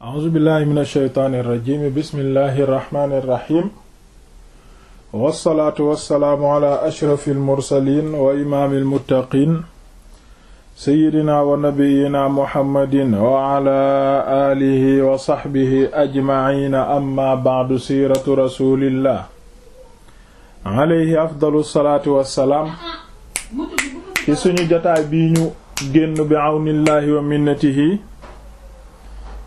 a'uuzu billahi min asheytaani irrajimi bismillahi irrahmaani irrahim wassalaatu wassalaamu ala ashrafi almursalin wa imaami almuttaqin seyidina wa nabiyina muhammadin wa ala aalihi wa saxbihi ajmaciina amma bacdu siiratu rasulillah alayhi afdalu salaatu wassalaam ci suñu jotaay bii ñu génn bi awnillahi wa minnatihi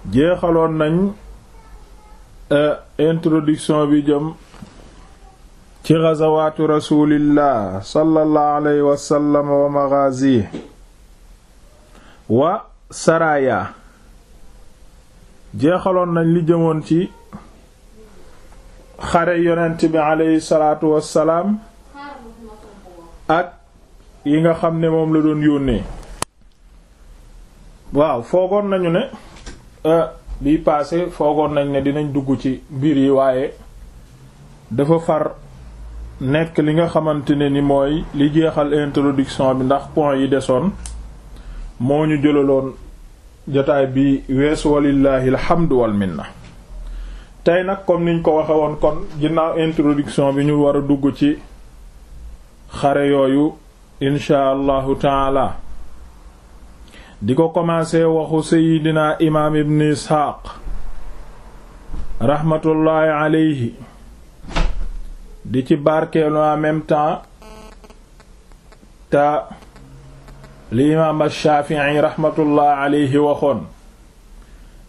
jeexaloon nañ euh, introduction bi jëm ci gazawaatu rasulillah sallallahu alayhi wa sallam wa maghazi wa saraya jeexaloon nañ li jëmoon ci xare yonent bi alayhi salaatu wassalaam ak yi nga xam ne moom la doon yónnee waaw foogoon nañu ne Euh, bi passé foogoon nañ ne dinañ dugg ci mbir yi waaye dafa far nekk li nga xamante ne ni mooy li jeexal introduction bi ndax point yi desoon moo ñu jëlaloon jotaay bi weesu walillahi alhamdu wal minna tey nag comme niñ ko waxe woon kon ginnaaw introduction bi ñu war a dugg ci xare yooyu incha allahu taala di ko commencé waxu seydina imaam ibn isxaaq raxmatullaahi di ci barkeelu en temps ta li imaam ashafii raxmatullaahi aleyhi waxoon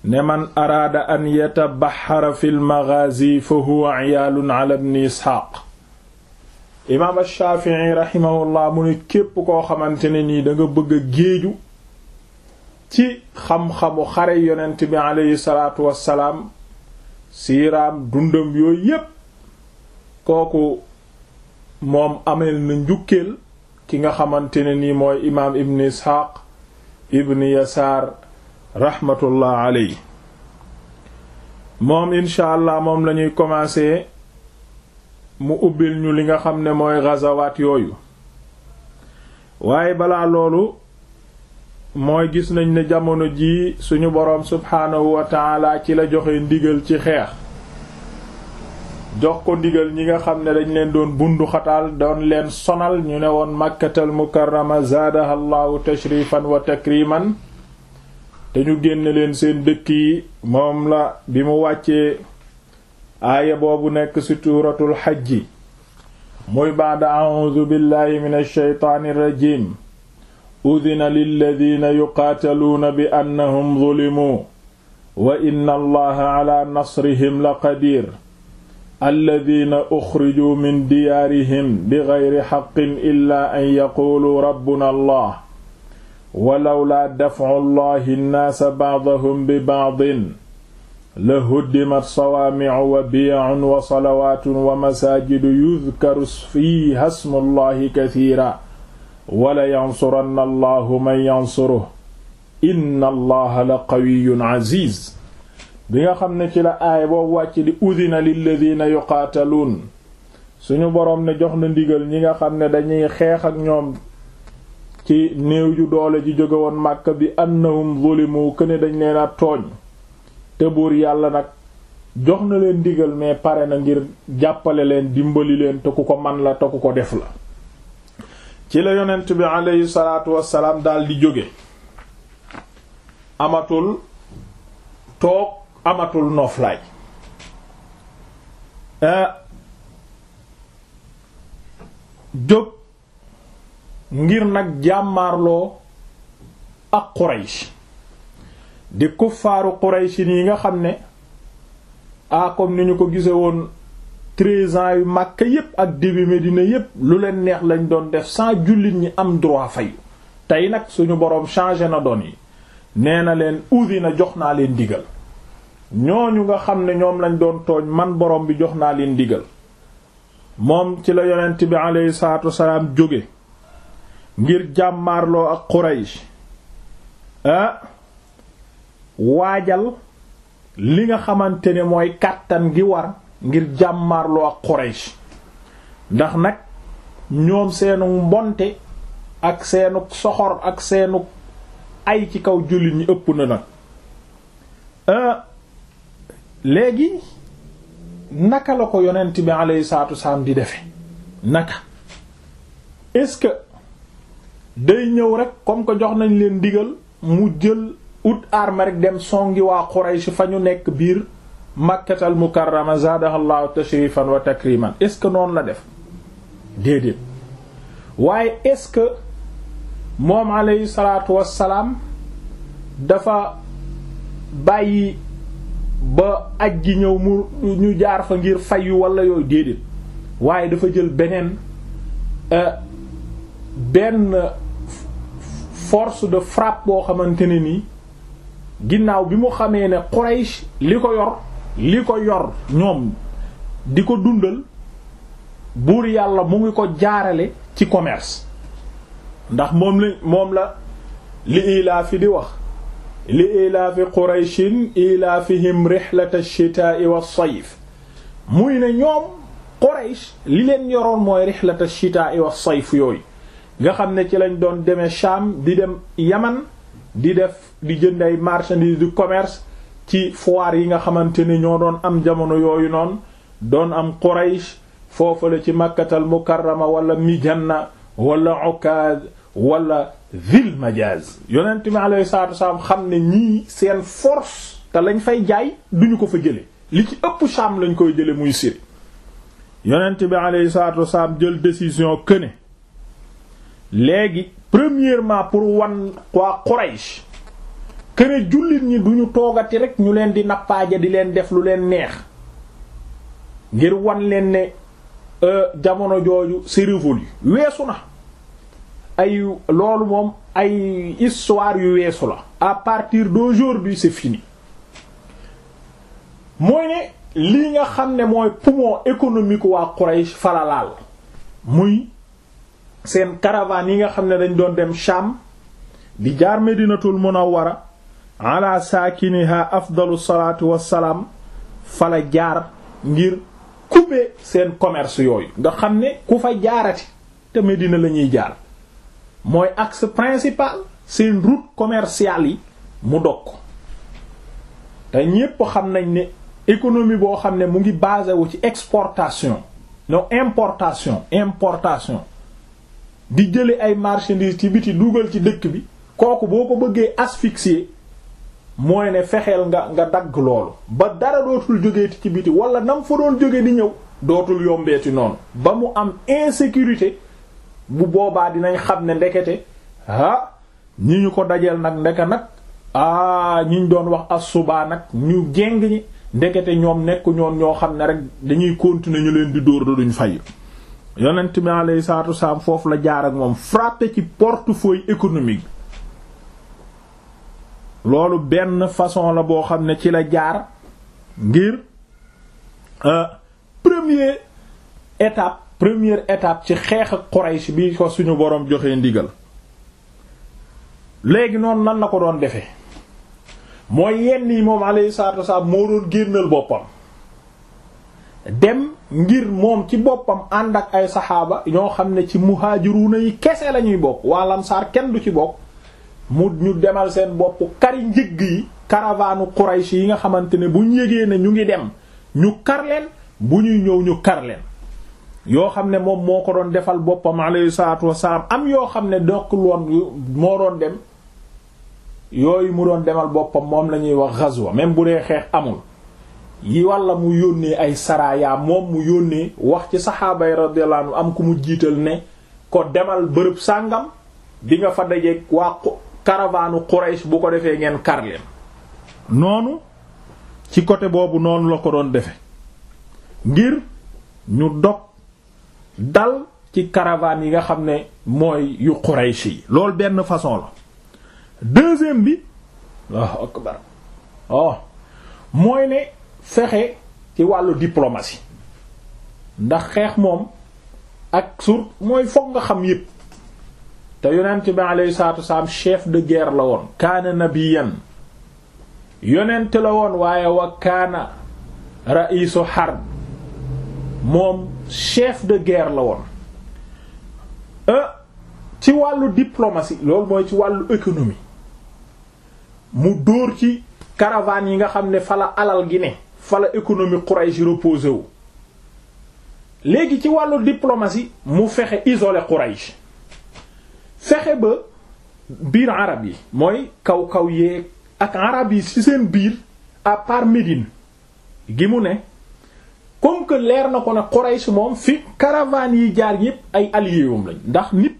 ne man araada an yatabaxara fi lmagaazi fa huwa iyaalun ala ibni isxaaq imaam ashafii raximahullah mu ne képp koo xamante ne nii danga nga bëgg a géeju ci xam-xamu xare yonent bi aleyhi salaatu wassalaam siiraam dundam yooyu yépp kooku moom ameel na njukkeel ki nga xamante ne nii mooy imaam ibn isxaaq ibn yasaar rahmatullah aley moom incha allah moom lañuy ñuy mu ubbil ñu li nga xam ne mooy gazawaat yooyu waaye balaa loolu mooy gis nañ ne jamono jii suñu boroom subhaanahu wa ci la joxe ndigal ci xeex jox ko ndigal ñi nga xam ne dañ leen doon bundu doon leen sonal ñu ne woon màkkatal mukarrama zaadaha allahu tashrifan wa takriman te ñu génne leen seen dëkk yi moom la bi mu wàccee aaya boobu nekk ci suuratul xajji muy baada a'uuzu billahi minash shaytaanir udina lilladina yuqaataluuna bi annahum zulimuu wa inna allaha ala nasrihim la qadiir alladina uxrijuu min diyaarihim bigayri xaqin illa an yaquuluu rabbuna allah walawlaa dafcu allahi nnaasa bacdahum bi bacdin la huddimat sawaamicu wa biyacun wa salawaatun wa masaajidu yudkaru fiiha smullahi kasiira wala yansuranna allahu man yansuruhu inna allaha la qawiyyun aziz bi nga xam ne ci la aaya boobu wàcc di udina lilladina yuqaataluun suñu boroom ne jox na ndigal ñi nga xam ne dañuy xeex ak ñoom ci néew ju doole ji jóge woon Màkka bi annahum zulimu këne dañ leen a tooñ te buur yàlla nag jox na leen ndigal mais pare na ngir jàppale leen dimbali leen te ku ko man la te ku ko def la ci la yonent bi aleyhi salaatu wassalaam dal di jóge amatul toog amatul noflaay eh, jóg ngir nag jàmmaarloo ak Quraysh di kuffaaru Quraysh yi nga xam ne a ah, comme ni ñu ko gise woon treize ans yu Makka yépp ak début Médina yépp lu leen neex lañ doon def sans jullit ñi am droit fay tey nag suñu boroom changé na doon yi nee na leen usi na jox naa leen digal ñooñu nga xam ne ñoom lañ doon tooñ man boroom bi jox naa leen digal moom ci la yonent bi aleyhi salaatu wasalaam jóge ngir jàmmarloo ak Quraysh ah, waajal li nga xamante ne mooy kàttan gi war ngir jàmmaarloo ak ndax nag ñoom seenu mbonte ak seenu soxor ak seenu ay ci kaw jullit ñi ëpp na nag euh, léegi naka la ko yonent bi alayhi salaatu wasalaam di defe naka est-ce que day ñëw rek comme que jox nañ leen digal mu jël ut arme rek dem songi waa Quraysh fa ñu nekk biir makkatal mukarrama zaadaha llahu tashrifan wa takriman est-ce que noonu la def déedéet waaye est-ce que moom alayhi salaatu wassalaam dafa bàyyi ba aj gi ñëw mu ñu jaar fa ngir fayyu walla yooyu déedéet waaye dafa jël beneen euh, benn force de frappe boo xamante ne nii ginnaaw bi mu xamee ne Quraysh li ko yor li ko yor ñoom di ko dundal buur yàlla mu ngi ko jaarale ci commerce ndax moom la moom la li ilaafi di wax li ilaafi qurayshin ilaafihim rihlata ash-shitaa'i was-sayf muy ne ñoom quraysh li leen yoroon mooy rihlata ash-shitaa'i was-sayf yooyu nga xam ne ci lañ doon demee Sham di dem Yaman di def di jënd ay marchandises du commerce ci foire yi nga xamante ni ñoo doon am jamono yooyu noonu doon am Quraysh foofale ci Makkatal Mukarrama wala Mijanna wala Ukaad wala ville Majaaz yonent mi alayhi salaatu xam ne ñii seen force te lañ fay jaay duñu ko fa jële li ci ëpp Sham lañ koy jële muy Syrie yonent bi alayhi salaatu wasalaam jël décision que ne léegi premièrement pour wan waa Quraysh këne jullit ñi duñu toogati rek ñu leen di nappaaje di leen def lu leen neex ngir wan leen ne euh, jamono jooju c'est révolu weesu na ay loolu moom ay histoire yu weesu la à partir d'aujourd'hui c'est fini mooy ne lii nga xam ne mooy poumon économique waa Quraysh falalaal muy seen caravane yi nga xam ne dañ doon dem Sham di jaar Medinatul Munawwara ala saakiniha afdalu salaatu wassalaam fala jaar ngir couper seen commerce yooyu nga xam ne ku fa jaarati te Medina la ñuy jaar mooy axe principal seen route commercial yi mu dog te ñépp xam nañ ne économie boo xam ne mu ngi basé wu ci exportation non importation importation di jële ay marchandises ci biti dugal ci dëkk bi kooku boo ko bëggee asphyxier mooy ne fexeel nga nga dagg loolu ba dara dootul jógeeti ci biti wala nam fa doon jóge di ñëw dootul yombeeti noonu ba mu am insécurité bu boobaa dinañ xam ne ndekete ah ñi ñu ko dajeel nag ndeke nag ah ñi doon wax asubaa nag ñu jeng ñi ndekete ñoom nekk ñoon ñoo xam ne rek dañuy continuer ñu leen di dóor da duñ fay yonent bi alayhi salaatu salaam foofu la jaar ak moom frappé ci portefeuille économique loolu benn façon la boo xam ne ci la jaar ngir euh, premier étape première étape ci xeex ak Quraysh bi ko suñu boroom joxe ndigal léegi noonu nan na ko doon defee mooy yenn yi moom alayhi salaatu wasalaam moo doon génnal boppam dem ngir moom ci boppam ànd ak ay saxaaba ñoo xam ne ci muhaajiruuna yi kese lañuy bokk waa lamsaar kenn du ci bokk mu ñu demal seen bopp kari njëgg yi caravane Quraysh yi nga xamante ne bu ñu yégee ne ñu ngi dem ñu kar leen bu ñuy ñëw ñu kar leen yoo xam ne moom moo ko doon defal boppam alayhi salaatu am yoo xam ne dokk loon moo doon dem yooyu mu doon demal boppam moom lañuy ñuy wax ghazwa même bu dee xeex amul yi walla mu yónnee ay saraaya moom mu yónnee wax ci saxaaba yi radiyallahu am ku mu jiital ne ko demal bërëb sàngam di nga fa dajeek waa caravane Quraysh bu ko defee ngeen kar leen noonu ci côté boobu noonu la ko doon defe ngir ñu dog dal ci caravane yi nga xam ne mooy yu Quraysh yi loolu benn façon la deuxième bi waaw oh, mooy ne fexe ci wàllu diplomatie ndax xeex moom ak sur mooy foog nga xam yépp te yonent bi alayhi salaatu de guerre la woon kaana nabiyan yonent la woon waaye wa kaana ra'isu harb moom chef de ger la woon e, ci wàllu diplomatie loolu mooy ci wàllu économie mu dóor ci caravane yi nga xam ne fala alal gi ne fala économie Quraysh reposé wu léegi ci wàllu diplomatie mu fexe isoler Quraysh fexe ba biir arab yi mooy kaw kaw yeeg ak arab yi ci seen biir à part Médine gi mu ne comme leer na ko ne Quraysh moom fi caravane yi jaar yépp ay alliés wam lañ ndax nit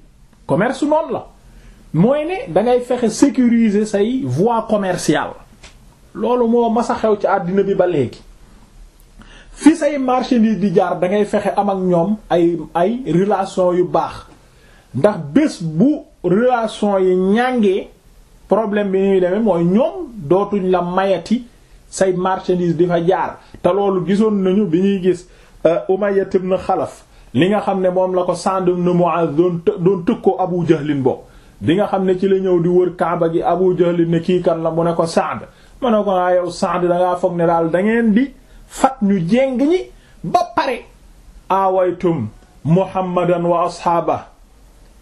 commerce noonu la mooy ne dangay fexe sécuriser say voie commerciale loolu moo mas a xew ci àddina bi ba léegi fi say marchandises di jaar dangay fexe am ak ñoom ay ay relation yu baax ndax bés bu relation yi ñàngee problème bi ñuy demee mooy ñoom dootuñ la mayati say marchandise di fa jaar te loolu gisoon nañu bi ñuy gis euh, Umayya ibn Xalaf li nga xam ne moom la ko Sa'd ibn Mu'adh doon doon tëkkoo Abu Jahlin bo bi nga xam ne ci la ñëw di wër Kaaba gi Abu Jahlin ne kii kan la mu ne ko Sa'd ma ne ko naa ah, yow Sa'd da foog ne daal dangeen di fat ñu jéng ñi ba pare awaytum Muhammadan wa ashaaba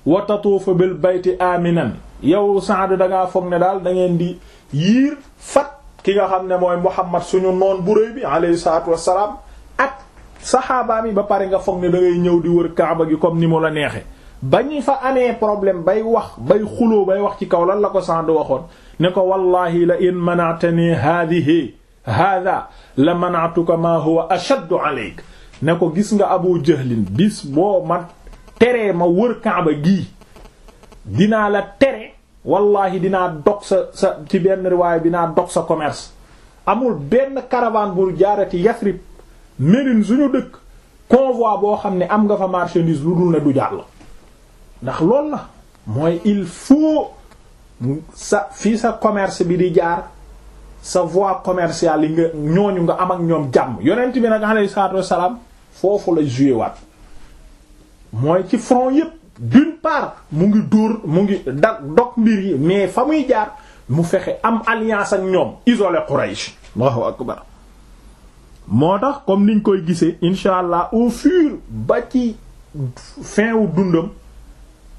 wa fa bil bayti aminan yow Saad dangaa foog ne daal da ngeen di yiir fat ki nga xam ne mooy Muhammad suñu noon bu réy bi alayhi salaatu wassalaam ak saxaabaam yi ba pare nga foog ne da ñëw di wër Kaaba gi comme ni mu la neexe ba ñu fa amee problème bay wax bay xuloo bay wax ci kaw lan la ko Saad waxoon ne ko wallahi la in manatani haadihi haada la manatuka ma huwa ashaddu alayk ne ko gis nga Abu Jahlin bis boo mat teree ma wër kaaba gii dinaa la tere wallahi dinaa dog sa sa ci benn riwaay dinaa dog sa commerce amul benn caravane bu jaarati Yasrib Médine suñu dëkk convoi boo xam ne am nga fa marchandise lu dul ne du jàll ndax lool na mooy il faut sa fii sa commerce bi di jaar sa voie commerciale yi nga ñooñu nga am ak ñoom jàmm yonent bi nag alayhi salaatu wassalaam foofu la joué waat mooy ci front yépp d'une part mu ngi dóor mu ngi da dog mbir yi mais fa muy jaar mu fexe am alliance ak ñoom isolé Quraysh Allahu akbar moo tax comme niñ koy gisee incha allah au fur ba ci fin wu dundam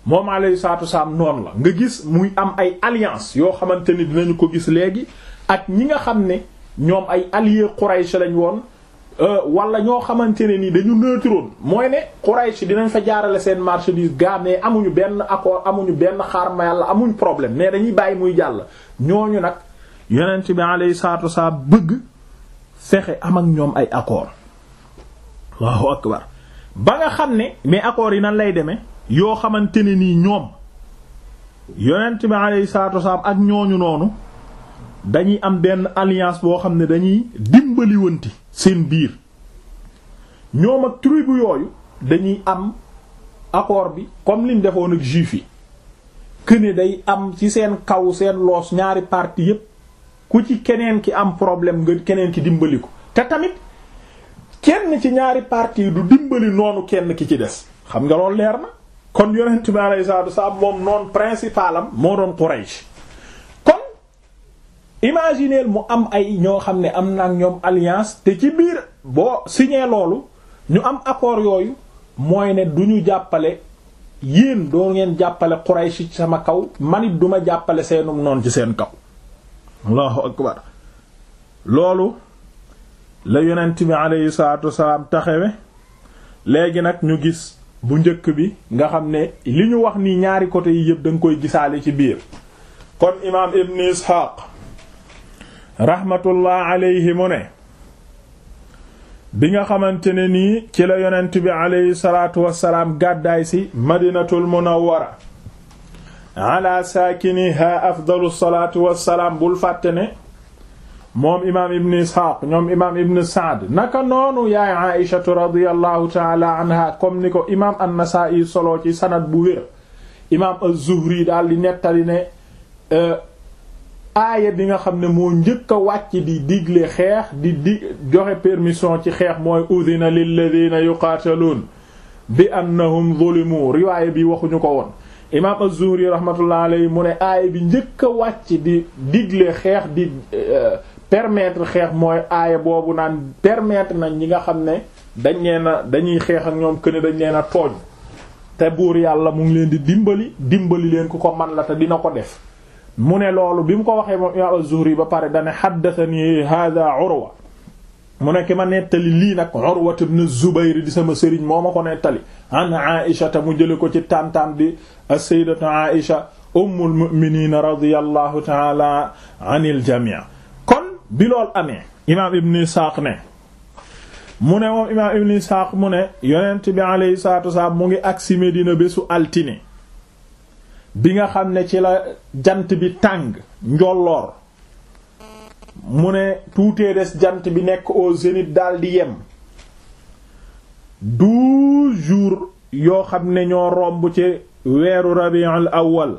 moom alayhi salaatu salaam noonu la nga gis muy am ay alliance yoo xamante ni dinañu ko gis léegi ak ñi nga xam ne ñoom ay alliés Quraysh lañ woon Euh, wala ñoo xamante ne ni dañu neutroon mooy ne Quraysh dinañ fa jaarale seen marchandise gaa mais amuñu benn accord amuñu benn xaar ma yàlla amuñ problème mais dañuy bàyyi muy jàll ñooñu nag yonent bi alayhi salaatu wasallam bëgg sexe am ak ñoom ay accord Allahu akbar ba nga xam ne mais accords yi nan lay demee yoo xamante ne nii ñoom yonent bi alayhi salaatu ak ñooñu noonu dañuy am benn alliance boo xam ne dañuy dim dimbaliwanti seen biir ñoom ak tribu yooyu dañuy am accord bi comme liñ defoon ak juif yi que day am ci seen kaw seen loos ñaari parti yépp ku ci keneen ki am problème nga keneen ki dimbali ko te tamit kenn ci ñaari parti du dimbali noonu kenn ki ci des xam nga loolu leer na kon yonent bi alayhi salaatu wa salaam moom noon principal am moo doon Quraysh imagineel mu am ay ñoo xam ne am na ñoom alliance te ci biir boo signé loolu ñu am accord yooyu mooy ne duñu jàppale yéen doo ngeen jàppale Quraysh ci sama kaw manit duma jàppale seenum noon ci seen kaw allahu loolu la yonent bi aleyhi salatu wasalaam taxawe léegi nag ñu gis bu njëkk bi nga xam ne li ñu wax ni ñaari côté yi yëpp da koy gisaale ci biir kon imaam ibn Ishaq rahmatullah alayhi mu bi nga xamante ne nii ci la yonent bi alayhi salaatu wassalaam gàddaay si madinatul munawwara ala saakiniha afdalu salaatu wassalaam bul fàtte ne moom imaam ibn isxaaq ñoom imaam ibn saad naka noonu yaay aïshatu radiyallahu taala anha comme ni ko imaam an-nasaa'i solo ci sanad bu wér imaam az-zuhri daal di ne euh, aaya bi nga xam ne moo njëkk a wàcc di digle xeex di di joxe permission ci xeex mooy udina lilladina yuqaataluun bi annahum zulimu riwaaya bi waxuñu ko woon imaam az-Zuhri rahmatullah alayhi mu ne aaya bi njëkk a wàcc di digle xeex di euh, permettre xeex mooy aaya boobu naan permettre nañ ñi nga xam ne dañ leen a dañuy xeex ak ñoom këne dañ leen a tooñ te buur yàlla mu ngi leen di dimbali dimbali leen ku ko man la te dina ko def mu ne loolu bi mu ko waxee moom imaam az-Zuhri ba pare dane haddathani hadha Urwa mu ne ki ma nettali lii nag Urwa ibn Zubayr di sama sëriñ moo ma ko nettali an Aisha ta mu jële ko ci tantam bi as-sayyidatu Aisha ummul mu'miniina radiyallahu ta'ala anil jami' kon bi lool amee imaam ibn Isaaq ne mu ne moom imaam ibn Isaaq mu ne yonent bi alayhi salaatu wa mu ngi agsi Medina bésu altine bi nga xam ne ci la jant bi tàng njolloor mu ne tuutee des jant bi nekk au zénith daldi yem douze jours yoo xam ne ñoo romb ci weeru rabiul awwal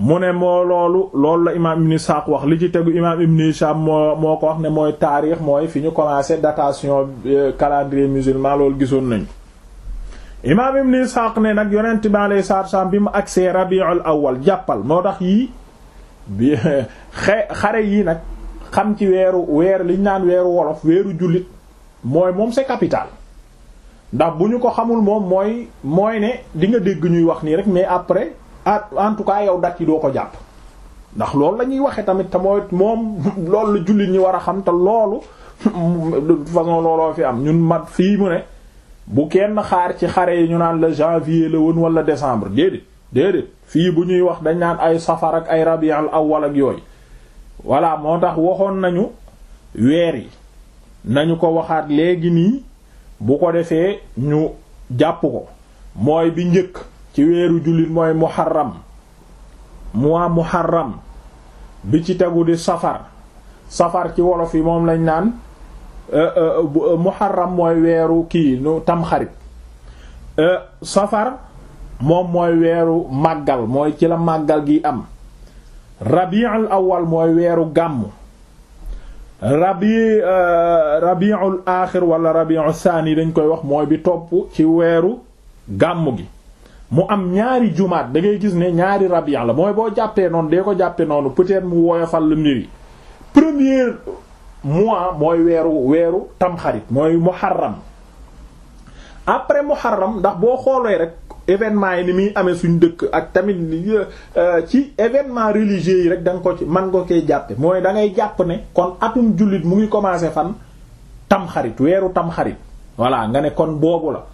mu ne moo loolu loolu la imaam ibne Isaaq wax li ci tegu imaam ibne Hishaam moo moo ko wax ne mooy taarix mooy fi ñu commencé datation euh, calendrier musulman loolu gisoon nañu imaam ibn Isxaaq ne nag yonent bi alayhi salaatu bi mu agsee rabiul awwal jàppal moo tax yii bi xare yii nag xam ci weeru weer liñ naan weeru wolof weeru jullit mooy moom c'est capital ndax bu ñu ko xamul moom mooy mooy ne di nga dégg ñuy wax nii rek mais après en tout cas yow dat yi doo ko jàpp ndax loolu lañuy ñuy waxee tamit te mooy moom loolu la jullit ñi war a xam te loolu de toute façon looloo fi am ñun mat fii mu ne bu kenn xaar ci xare yi ñu naan la janvier la won wala décembre déedéet déedéet fii bu ñuy wax dañ naan ay safar ak ay rabiul awwal ak yooyu voilà moo tax waxoon nañu weer yi nañu ko waxaat léegi nii bu ko defee ñu jàpp ko mooy bi njëkk ci weeru jullit mooy muharram mois muharram bi ci tegu di safar safar ci wolof yi moom lañ naan Euh, euh, euh, muharram mooy weeru kii nu tamxarit safar moom mooy weeru màggal mooy ci la màggal gi am rabi'ul awwal mooy weeru gàmm rabi rabi'ul aaxir wala rabi'u saani dañ koy wax mooy bi topp ci weeru gàmm gi mu am ñaari jumaat da ngay gis ne ñaari rabi' la mooy boo jàppee noonu dee ko jàppee noonu peut-être mu woyofal la mbir yi mois mooy weeru weeru tamxarit mooy muharram après muharram ndax boo xoolee rek événement yi ni muy amee suñ dëkk ak tamit euh, ci événement religieux yi rek da nga ko ci man nga koy jàppe mooy da ngay jàpp ne kon atum jullit mu ngi commencé fan tamxarit weeru tamxarit voilà nga ne kon boobu la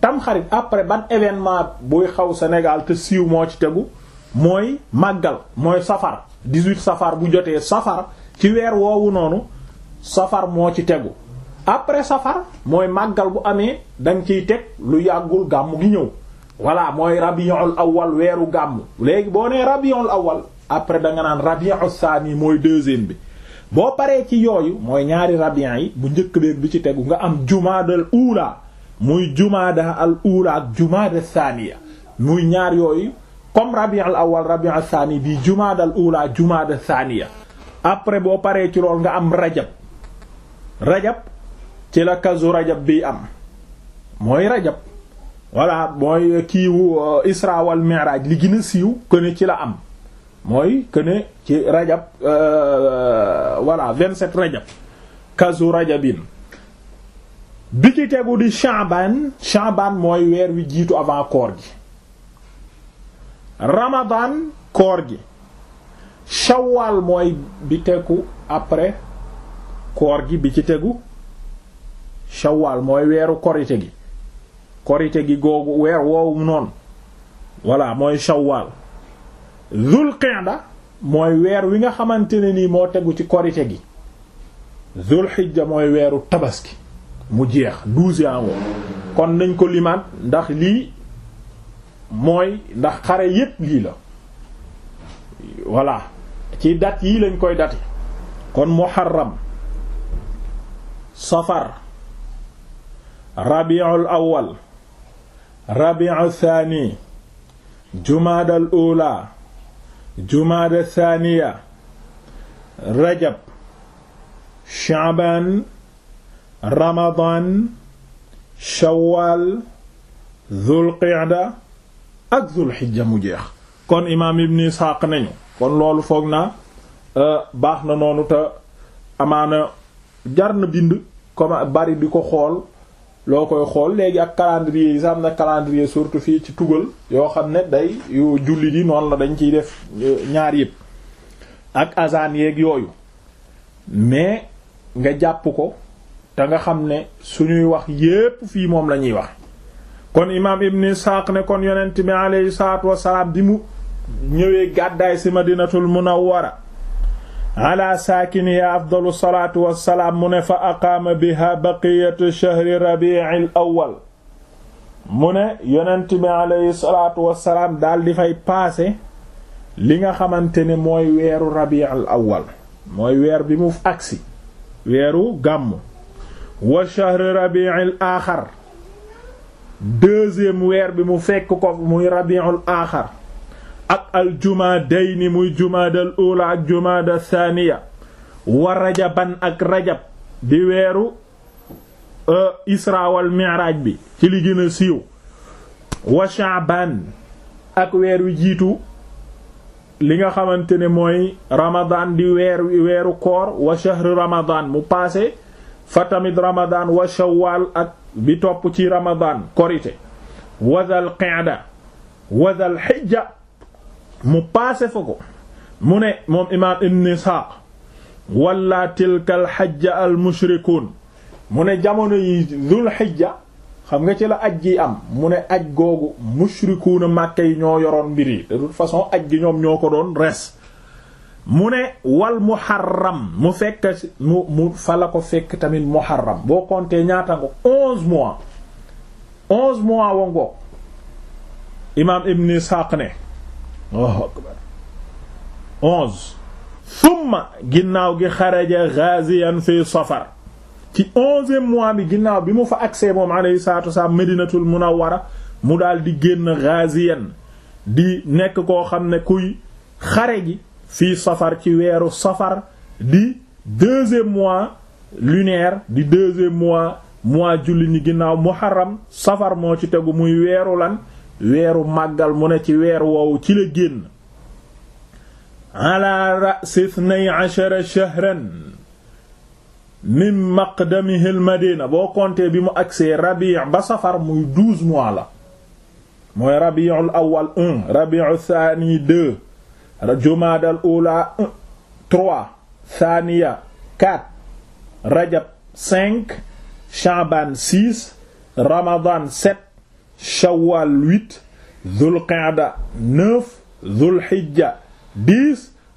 tamxarit après ban événement buy xaw Sénégal te siiw moo ci tegu mooy màggal mooy safar 18 safar bu jotee safar ci weer woowu noonu safar moo ci tegu après safar mooy màggal bu amee danga ciy teg lu yàggul gàmm gi ñëw voilà mooy rabiul awal weeru gàmm léegi boo nee rabiul awal après danga nga naan rabiul saani mooy deuxième bi boo paree ci yooyu mooy ñaari rabian yi bu njëkk beeg bi ci tegu nga am jumaadal uula muy jumaada al uula ak jumaada saaniya muy ñaar yooyu comme rabiul awal rabiul saani bi jumaadal uula jumaada saaniya après boo paree ci lool nga am rajab rajab ci la kasu rajab bi am mooy rajab voilà mooy kiiwu euh, isra wal mi'raj li gën a siiw këne ci la am mooy këne ci rajab euh, voilà 27 rajab kasu rajabin bi ci tegu di sha'ban sha'ban mooy weer wi jiitu avant koor gi ramadan koor gi shawwal mooy bi tegu après koor gi bi ci tegu shawaal mooy weeru korite gi korite gi googu weer woowu noonu voilà mooy shawaal zul qinda mooy weer wi nga xamante ne nii moo tegu ci korite gi zul xijja mooy weeru tabaski mu jeex douze kon nañ ko limaat ndax lii mooy ndax xare yépp lii la voilà ci dat yi lañ koy dati kon muharram safar rabiul awwal rabiul thani jumaadal ula jumaada thaniya rajab shaaban ramadan shawaal zulqicda ak zulxijja mu jeex kon imaam ibn isxaaq nañu kon loolu foog na euh, baax na noonu te amaana jar na bind comme bari di ko xool loo koy xool léegi ak calendrier yi sax am na calendrier surtout fii ci tugal yoo xam ne day yu julli di noonu la dañ ciy def euh, ñaar yëpp ak azan yeeg yooyu mais nga jàpp ko te nga xam ne suñuy wax yépp fii moom la ñuy wax kon imaam Ibn Isxaaq ne kon yonent bi aleyhi salaatu wasalaam bi mu ñëwee gàddaay si a Munawwara ala saakiniya afdalu salaatu wassalaam mu ne fa aqaama biha baqiyatu shahri rabi'il awwal mu ne yonent bi aleyhi salaatu wassalaam daal di fay paase li nga xamante ne mooy weeru rabi'il awwal mooy weer bi mu agsi weeru gàmmu wa shahri rabi'il aaxar deuxième weer bi mu fekk ko muy rabi'ul aaxar ak aljumaadayni muy jumaadal ula ak jumaada thaniya wa rajaban ak rajab di weeru e, isra wal mi'raj bi ci li gën a siiw wa sha'ban ak weer wi jiitu li nga xamante ne mooy ramadan di weer weeru koor wa shahru ramadan mu paase fa tamit ramadan wa shawwal ak bi topp ci ramadan korite wa dhal qa'da wa dhal hijja mu paase fa ko mu ne moom imaam ibn Isxaaq wala tilka alxajja almushrikuun mu ne jamono yi dul xijja xam nga ci la aj gi am mu ne aj googu mushrikuuna màkke yi ñoo yoroon mbir yi de toute façon aj gi ñoom ñoo ko doon res mu ne wal muharram mu fekk mu fa la ko fekk tamit muharram boo compter ñaata nga onze mois onze mois wa ngoog imaam ibn Isxaaq ne Allahu summa ginnaaw gi xaraja ghaziyan fi safar ci onzième mois bi ginnaaw bi mu fa agsee moom alayhi salaatu wasalaam medinatul munawwara mu daal di génn ghaziyan di nekk koo xam ne kuy xare ji fii safar ci weeru safar di deuxième mois lunaire di deuxième mois mois julli ñi ginnaaw muharram safar moo ci tegu muy weeru lan weeru màggal mu ne ci weer woowu ci la génn ala ra'si ithnay ashara shahran min maqdamihi madina boo compter bi mu agsee rabi' ba safar muy douze mois la mooy rabi'ul awwal un rabi'u thani deux rajab cinq sha'ban shawwal huit dhul qa'da neuf dhul hijja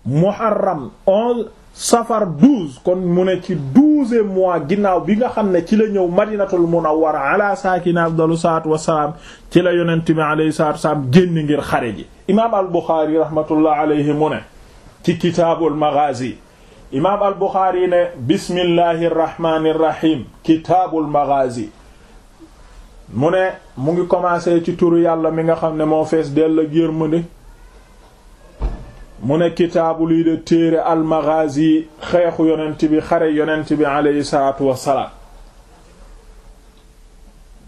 muharram onze safar douze kon mu ne ci douze mois ginnaaw bi nga xam ne ci la ñëw madinatul munawwara ala saakina afdalu salaatu wassalaam ci la yonent bi alayhi salaatu wassalaam génn ngir xare ji imaam al buxaari rahmatullah alayhi mu ne ci kitaabul mu ne mu ngi commencé ci turu yàlla mi nga xam ne moo fees dell ak yërmande mu ne kitaabu lii de téere almagazi xeexu yonent bi xare yonent bi aleyhi salaatu wassalaam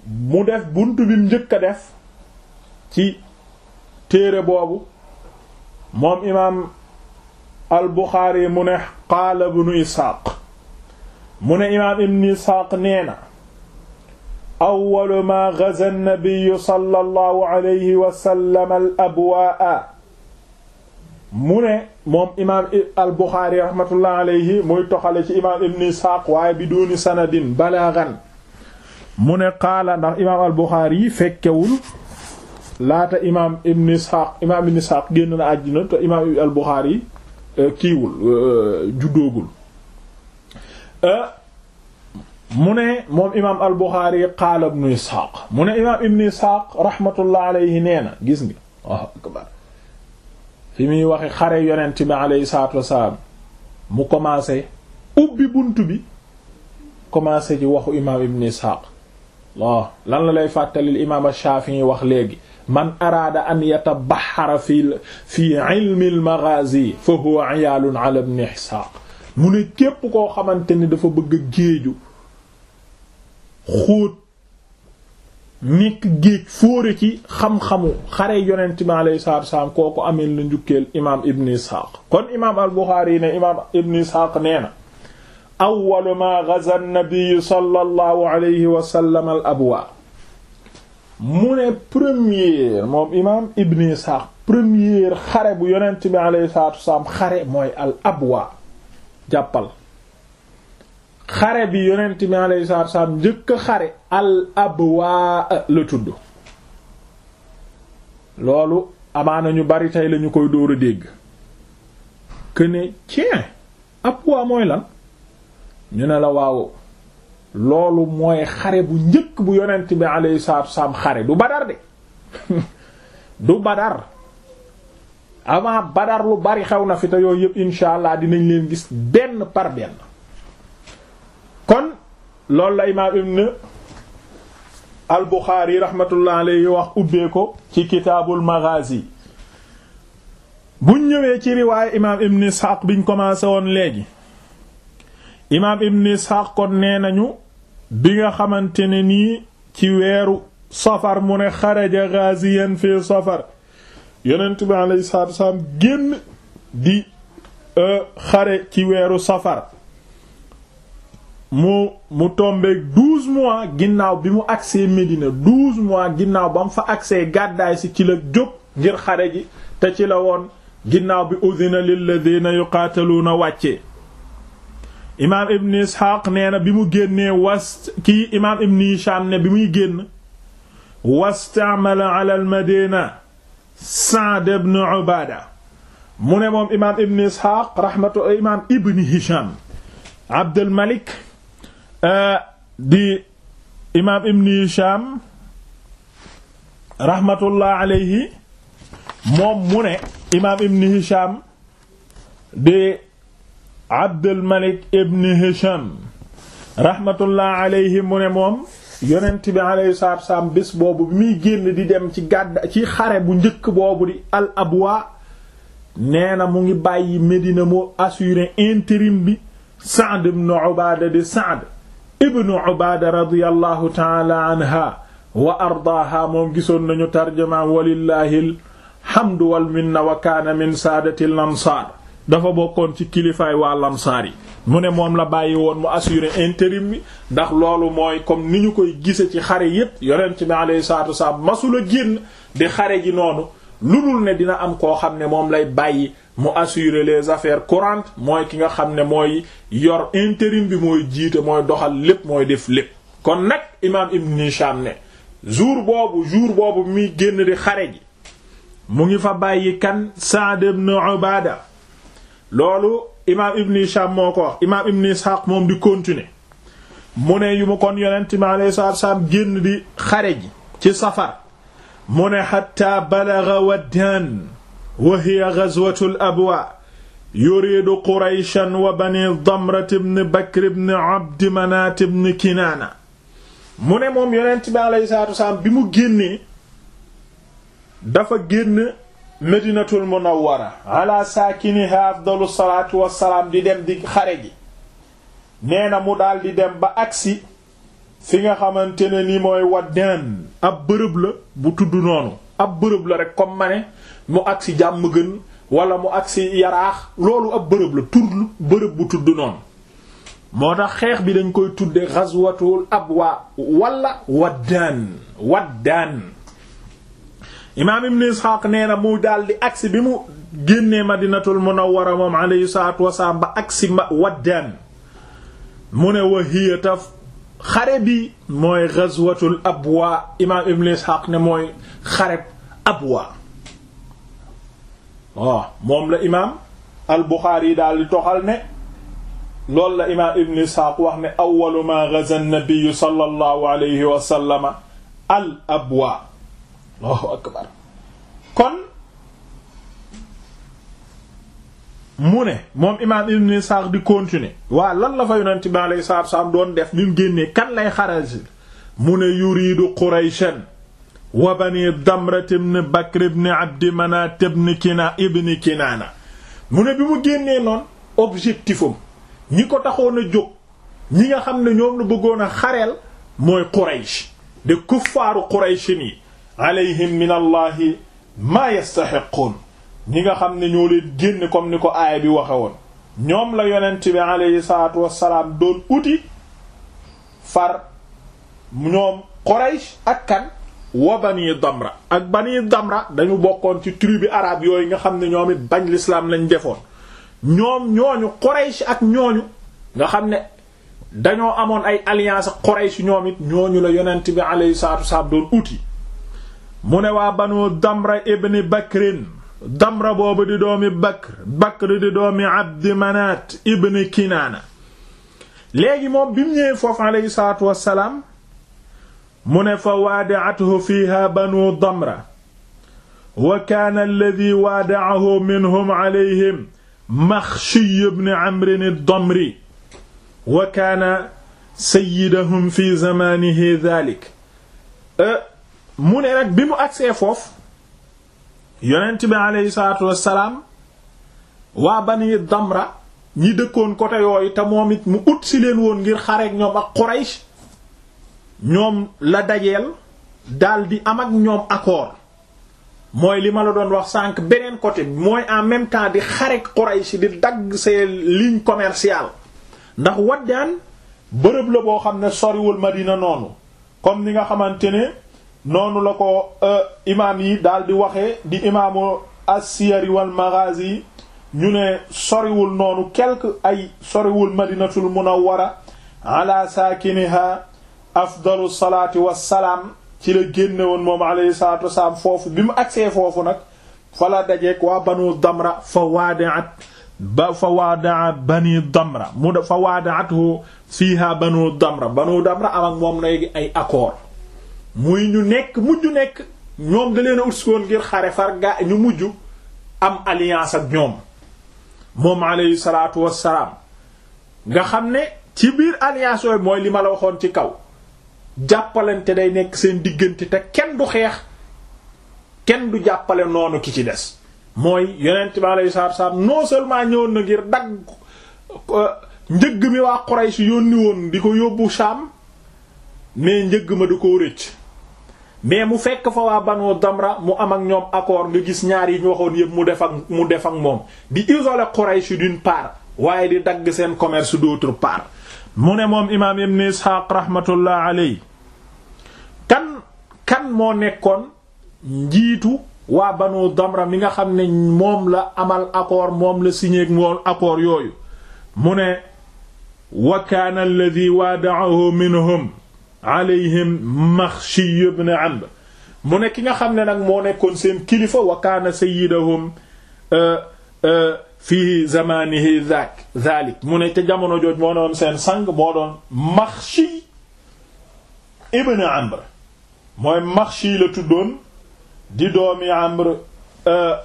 mu def bunt bi mu njëkk a def ci téere boobu moom imaam al Buxaari mu ne qaala ibnu Isxaaq mu ne imaam ibnu Isxaaq nee na awwalu maa gaza an-nabiyyu sallallahu alayhi wa sallam al-abwaa'a mu ne moom imaam al-Buxaari rahmatullah alayhi toxale ci imaam ibn Isxaaq waaye bi duuni sanadin balaagan mu ne ndax imaam al fekkewul laata imaam ibn Isxaaq imaam ibn Isxaaq génn na àddina te imaam mu ne moom imaam al-Bukhari qaala ibnu Isxaaq mu ne imaam ibnu Isxaaq rahmatullah alayhi nee na gis nga waaw akbar fi muy waxe xare yonent bi alayhi salaatu wasalaam mu commencé ubbi bunt bi commencé ci waxu imaam ibnu Isxaaq waaw lan la lay fàttalil imaam Shaafi'i wax léegi man araada an yatabaxara fi fi ilmi al-maghaazi fa huwa iyaalun ala ibnu Isxaaq mu ne képp koo xamante ni dafa bëgg a géeju xóot nekk géej fóore ci xam-xamu xare yonent bi alayhi salaatu wassalaam kooku ameen la njukkeel imaam ibn isxaaq kon imaam al buxaari ne imaam ibn isxaaq nee na awwalu maa gaza nabi sallallahu alayhi wa al abwaa mu ne première moom imaam ibn isxaaq première xare bu yonent bi alayhi salaatu wassalaam xare mooy al abwaa jàppal xare bi yonent mi alayhi salaatu wassalaam njëkk a xare al abwaa la tudd loolu amaana ñu bari tey lañu koy dóor a dégg que ne tiens abwaa mooy lan ñu ne la waaw loolu mooy xare bu njëkk bu yonent bi alayhi salaatu wassalaam xare du badar de du badar avant badar lu bari xew na fi te yooyu yëpp incha allah dinañ leen gis benn par benn kon loolu la imaam ibn al Buxaari rahmatullah alayhi wax ubbee ko ci kitaabul Maghazi buñ ñëwee ci riwaaye imaam ibn Isxaaq biñ commencé woon léegi imaam ibn Isxaaq kon nee nañu bi nga xamante ne nii ci weeru safar mu ne xaraja ghaziyan fi safar yonent bi alayhi génn di euh, xare ci weeru safar mu mu tombeeg ginnaaw bi mu agsee Médina douze ginnaaw bam fa agsee gàddaay si ci la jóg ngir xare ji te ci la woon ginnaaw bi udhina lilladhina yuqaataluuna wàccee imaam ibn isxaaq nee na bi mu génnee was kii imaam ibn Hishaam ne bi muy génn wastaamala ala al madina Sa'd ibn Ubaada mu ne moom imaam ibn isxaaq rahmatu imaam ibn Hishaam Abdul Euh, di imaam Ibn Hisham rahmatullah moom mu ne imaam Ibn Hisham di Abdul Ibn Hisham rahmatullah mu ne moom yonent bi alayhi salaatu bés boobu bi muy génn di dem ci gàdda ci xare bu njëkk boobu di al abwa nee na mu ngi bàyyi Medina moo assuré intérim bi Sa'd ibn Ubaada di Sa'd ibnu ubaada radiyallahu taala anha wa ardaaha moom gisoon nañu tarjamaam walillahi alhamdu wal minna wa kaana min saadati lansaar dafa bokkoon ci kilifaay waa lansaar mu ne moom la bàyyi woon mu assuré intérim bi ndax loolu mooy comme ni koy gise ci xare yépp yonent bi alayhi salaatu wasalaam masula génn di xare ji noonu lu dul ne dina am koo xam ne moom lay bàyyi mu assurer les affaires courantes mooy ki nga xam ne mooy yor intérim bi mooy jiite mooy doxal lépp mooy def lépp kon nag imaam Ibn Hisham ne jour boobu jour boobu muy génn di xare ji mu ngi fa bàyyi kan Sa'd ibn Ubaada loolu imaam Ibn Hisham moo ko imaam Ibn Ishaq moom di continuer mu ne yu ma kon yonent mi alayhi salaatu wa génn di xare ji ci safar mu ne xatta balaga waddaan wa hiya gazwatu abwa yuriidu qurayshan wa bani damrat bni bakr bni abdi manaat bni kinaana mu ne moom yonent bi alayhi salaatu bi mu génnee dafa génn medinatul munawwara ala saakiniha afdalu salaatu wassalaam di dem di xare ji nee na mu daldi dem ba aksi fi nga xamante ne ni mooy waddaan ab bërëb la bu tudd noonu ab bërëb la rek comme ma ne mu agsi jàmm gën walla mu agsi yaraax loolu ab bërëb la tur bërëb bu tudd noonu moo tax xeex bi dañ koy tudde ghazwatul abwa wala waddaan waddaan imaam ibn Isxaaq nee na mu daldi agsi bi mu génnee ma dinatul moom alayhi salaatu wasalaam ba agsi waddaan mu ne wa hiya xare bi mooy ghazwatul abwa imaam ibn Ishaq ne mooy xareb abwa waaw oh, moom la imaam al Buxaari yi daal di toxal ne loolu la imaam ibn Ishaq wax ne awwalu ma ghaza an-nabiyyu sallallahu alayhi wa sallama al abwa Allahu akbar kon mu ne moom imaam ibn Isaaq di continuer waa lan la fa yonent bi alayhi salaatu salaam doon def bi mu génnee kan lay xarajil mu ne yuriidu Qurayshan wa bani Damrat ibn Bakr ibn Abdi Manaat ibn Kina ibn Kinaana mu ne bi mu génnee noonu objectif am ñi ko taxoon a ñi nga xam ne ñoom la bëggoon a xareel mooy Quraysh de kuffaaru Qurayshin yi alayhim min allahi maa yastaxiqoon ñi nga xam ne ñoo leen génn comme ni ko aaya bi waxe woon ñoom la yonent bi aleyhi salaatu wassalaam doon uti far ñoom Quraysh kan wa bani damra ak bani damra dañu bokkoon ci tribu arab yooyu nga xam ne ñoom it bañ lislaam lañ defoon ñoom ñooñu Quraysh nga xam ne dañoo amoon ay alliance Quraysh ñoom ñooñu la yonent bi aleyhi salaatu wassalaam doon uti mu ne waa banu damra ibn bakrin damra boobu di doomi bakr bakr di doomi abdi manaat ibn kinaana léegi moom bi mu ñëwee foofu aleyhi salaatu wassalaam mu ne fa waadaathu fiiha banu damra wa kaana alladi waadaahu minhum alayhim maxshiy ibn amrin ad-damri wa kaana sayyidahum fi zamaanihi daalik euh, mu ne nag bi mu agsee foofu yonent bi aleyhi salaatu wassalaam waa bani damra ñi dëkkoon côté yooyu te moom it mu ut si leen woon ngir xareek ñoom ak Quraysh ñoom la dajeel daldi am ak ñoom accord mooy li ma la doon wax sànq beneen côté mooy en même temps di xarek Quraysh di dagg ses lignes commerciales ndax waddaan bërëb la boo xam ne soriwul Madina noonu comme ni nga xamante ne noonu la ko euh, imaam yi daal di waxe di imaamu as-siyar wal maghazi ñu ne soriwul noonu quelque ay soriwul madinatul munawwara ala saakiniha afdalu salaati wassalaam ci la génne woon moom alayhi salaatu wassalaam foofu bi mu agsee foofu nag fa la dajeek waa banu damra fa waadaat ba fa waadaa bani damra mu fa waadaathu banu damra banu damra am ak moom léegi ay accord muy ñu nekk mujj nekk ñoom da a utskoon ngir xare far ga ñu mujj am alliance ak ñoom moom alayhi salaatu wassalaam nga xam ne ci biir alliance yooyu mooy li ma la waxoon ci kaw jàppalante day nekk seen diggante te kenn du xeex kenn du jàppale noonu ki ci des mooy yonent bi alayhi salaatu wassalaam non seulement ñëwoon na ngir dagg euh, njëgg mi waa Quraysh yónni woon di ko yóbbu Sham mais njëgg ma du ko rëcc mais mu fekk fa waa Banu Damra mu am ak ñoom accord nga gis ñaar waxoon yëpp mu def mu def ak moom di isoler Quraysh d'une part waaye di dagg seen commerce d'autre part mu ne moom imaam Ibn Ishaq rahmatullah alayhi kan kan moo nekkoon njiitu waa Banu Damra mi nga xam ne moom la amal accord moom la signé ak moom accord yooyu mu ne wa kaana alladhi wada'ahu minhum alayhim Maxshi ibn Amr mu ne ki nga xam ne nag moo nekkoon seen kilifa wa kaana sayyidahum uh, uh, fii zamanihi zaak zaalik mu ne ca jamono jooj moo doon seen sang moo doon Maxshi ibn Amr mooy Maxshi la tuddoon di doomi Amr uh,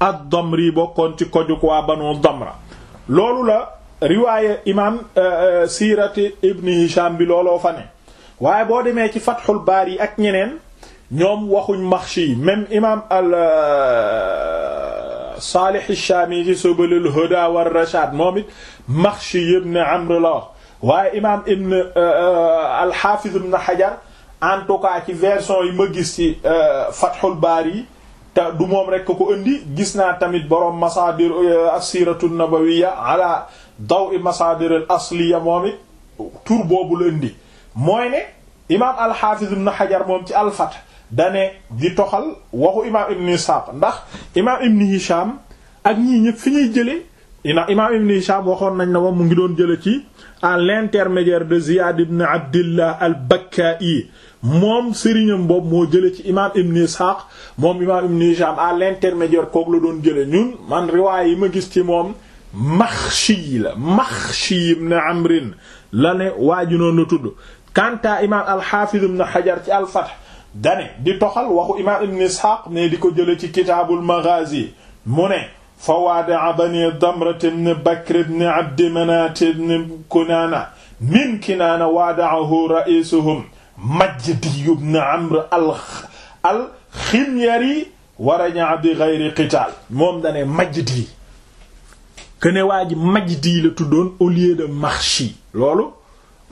ad-Damri bokkoon ci kojuk waa Banu Damra loolu la riwaaye imaam siirati ibn Hisham bi looloo fa waaye boo demee ci Fathul Baari ak ñeneen ñoom waxuñ Makhshi même imaam al euh, Salih ash-Shami ci Subulul Huda war Rashad moom it Makhshi ibn Amr la wax waaye imaam ibn euh, euh, al Hafiz ibn Hajar en tout cas ci version yi ma gis ci Fathul Baari te du moom rek ko indi gis naa tamit borom masaadir as-siiratu nabawiyya ala daw i masaadir al asliya moom it tur boobu la indi. mooy ne imaam alxaafiz ibn xajar moom ci alfat dane di toxal waxu imaam ibn Isaaq ndax imaam ibn Hisham ak ñii ñëpp fi ñuy jële ina imaam ibn Hisham waxoon nañ na moom mu ngi doon jële ci à l'intermédiaire de Ziyad ibn Abdillah al-Bakka'i moom sëriñam boobu moo jële ci imaam ibn Ishaq moom imaam ibn Hisham à l'intermédiaire koog la doon jële ñun man riwaay yi ma gis ci moom Maxshi la Maxshi ibn Amrin la ne waa ji noonu la tudd kanta imaam alxaafiz ibn xajar ci alfath dane di ko jële ci kitaabul maghazi mu ne fawaadaa bani damrat ibn bakr ibn abdi manat ibn kunaana min kinaana waadaahu raisuhum majdi ibn amr alximyari wa raja'a bi ghayri qitaal moom dane majdi kene waa majdi la tuddoon au lieu loolu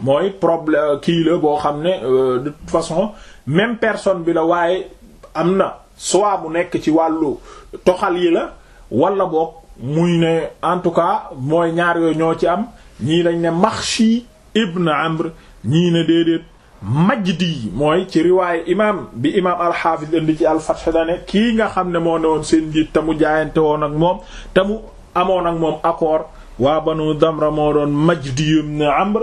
mooy problème kii la boo xam ne euh, de toute façon même personne bi la waaye am na soit bu nekk ci wàllu toxal yi la walla book muy ne en tout cas mooy ñaar yoo ñoo ci am ñii dañ ne Maxshi ibn Amr ñii ne déedéet Majdi mooy ci riwaaye imam bi imam al-Hafiz ci al-Fath dane kii nga xam ne moo ne woon seen njiit te mu jaayante woon ak moom te mu amoon ak moom accord waa Banu Damra moo doon Majdi ibn Amr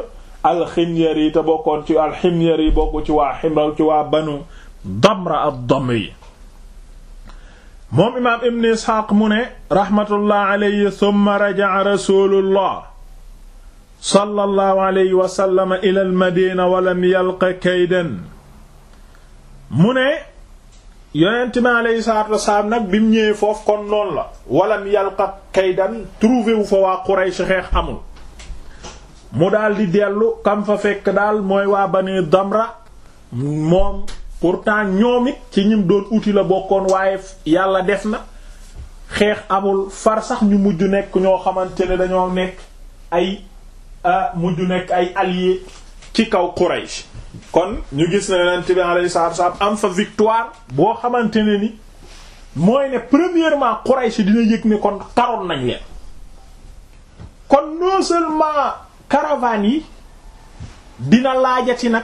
alximyar yi te bokkoon ci alximyar yi bokk ci waa ximra ci waa banu damra ad moom imaam ibn isxaaq mu ne raxmatullah alayhi summa raja'a rasulullah sallallahu yalqa kaydan mu ne yonent mi alayhi salaatu wasalaam nag bi mu ñëwee foofu kon noonu la walam yalqa kaydan trouvé fa waa Quraysh xeex amul mu daal di dellu kam fa fekk daal mooy waa Bani Damra moom pourtant ñoom it ci ñim doon uti la bokkoon waaye yàlla def na xeex amul far sax ñu mujj nekk ñoo xamante ne dañoo nekk ay mujj nekk ay alliés ci kaw Quraysh kon ñu gis ne Yonent bi alayhi salaatu wa am fa victoire boo xamante ne ni mooy ne premièrement Quraysh dina yëg ne kon taroon nañ leen kon non seulement caravane yi dina laajati nag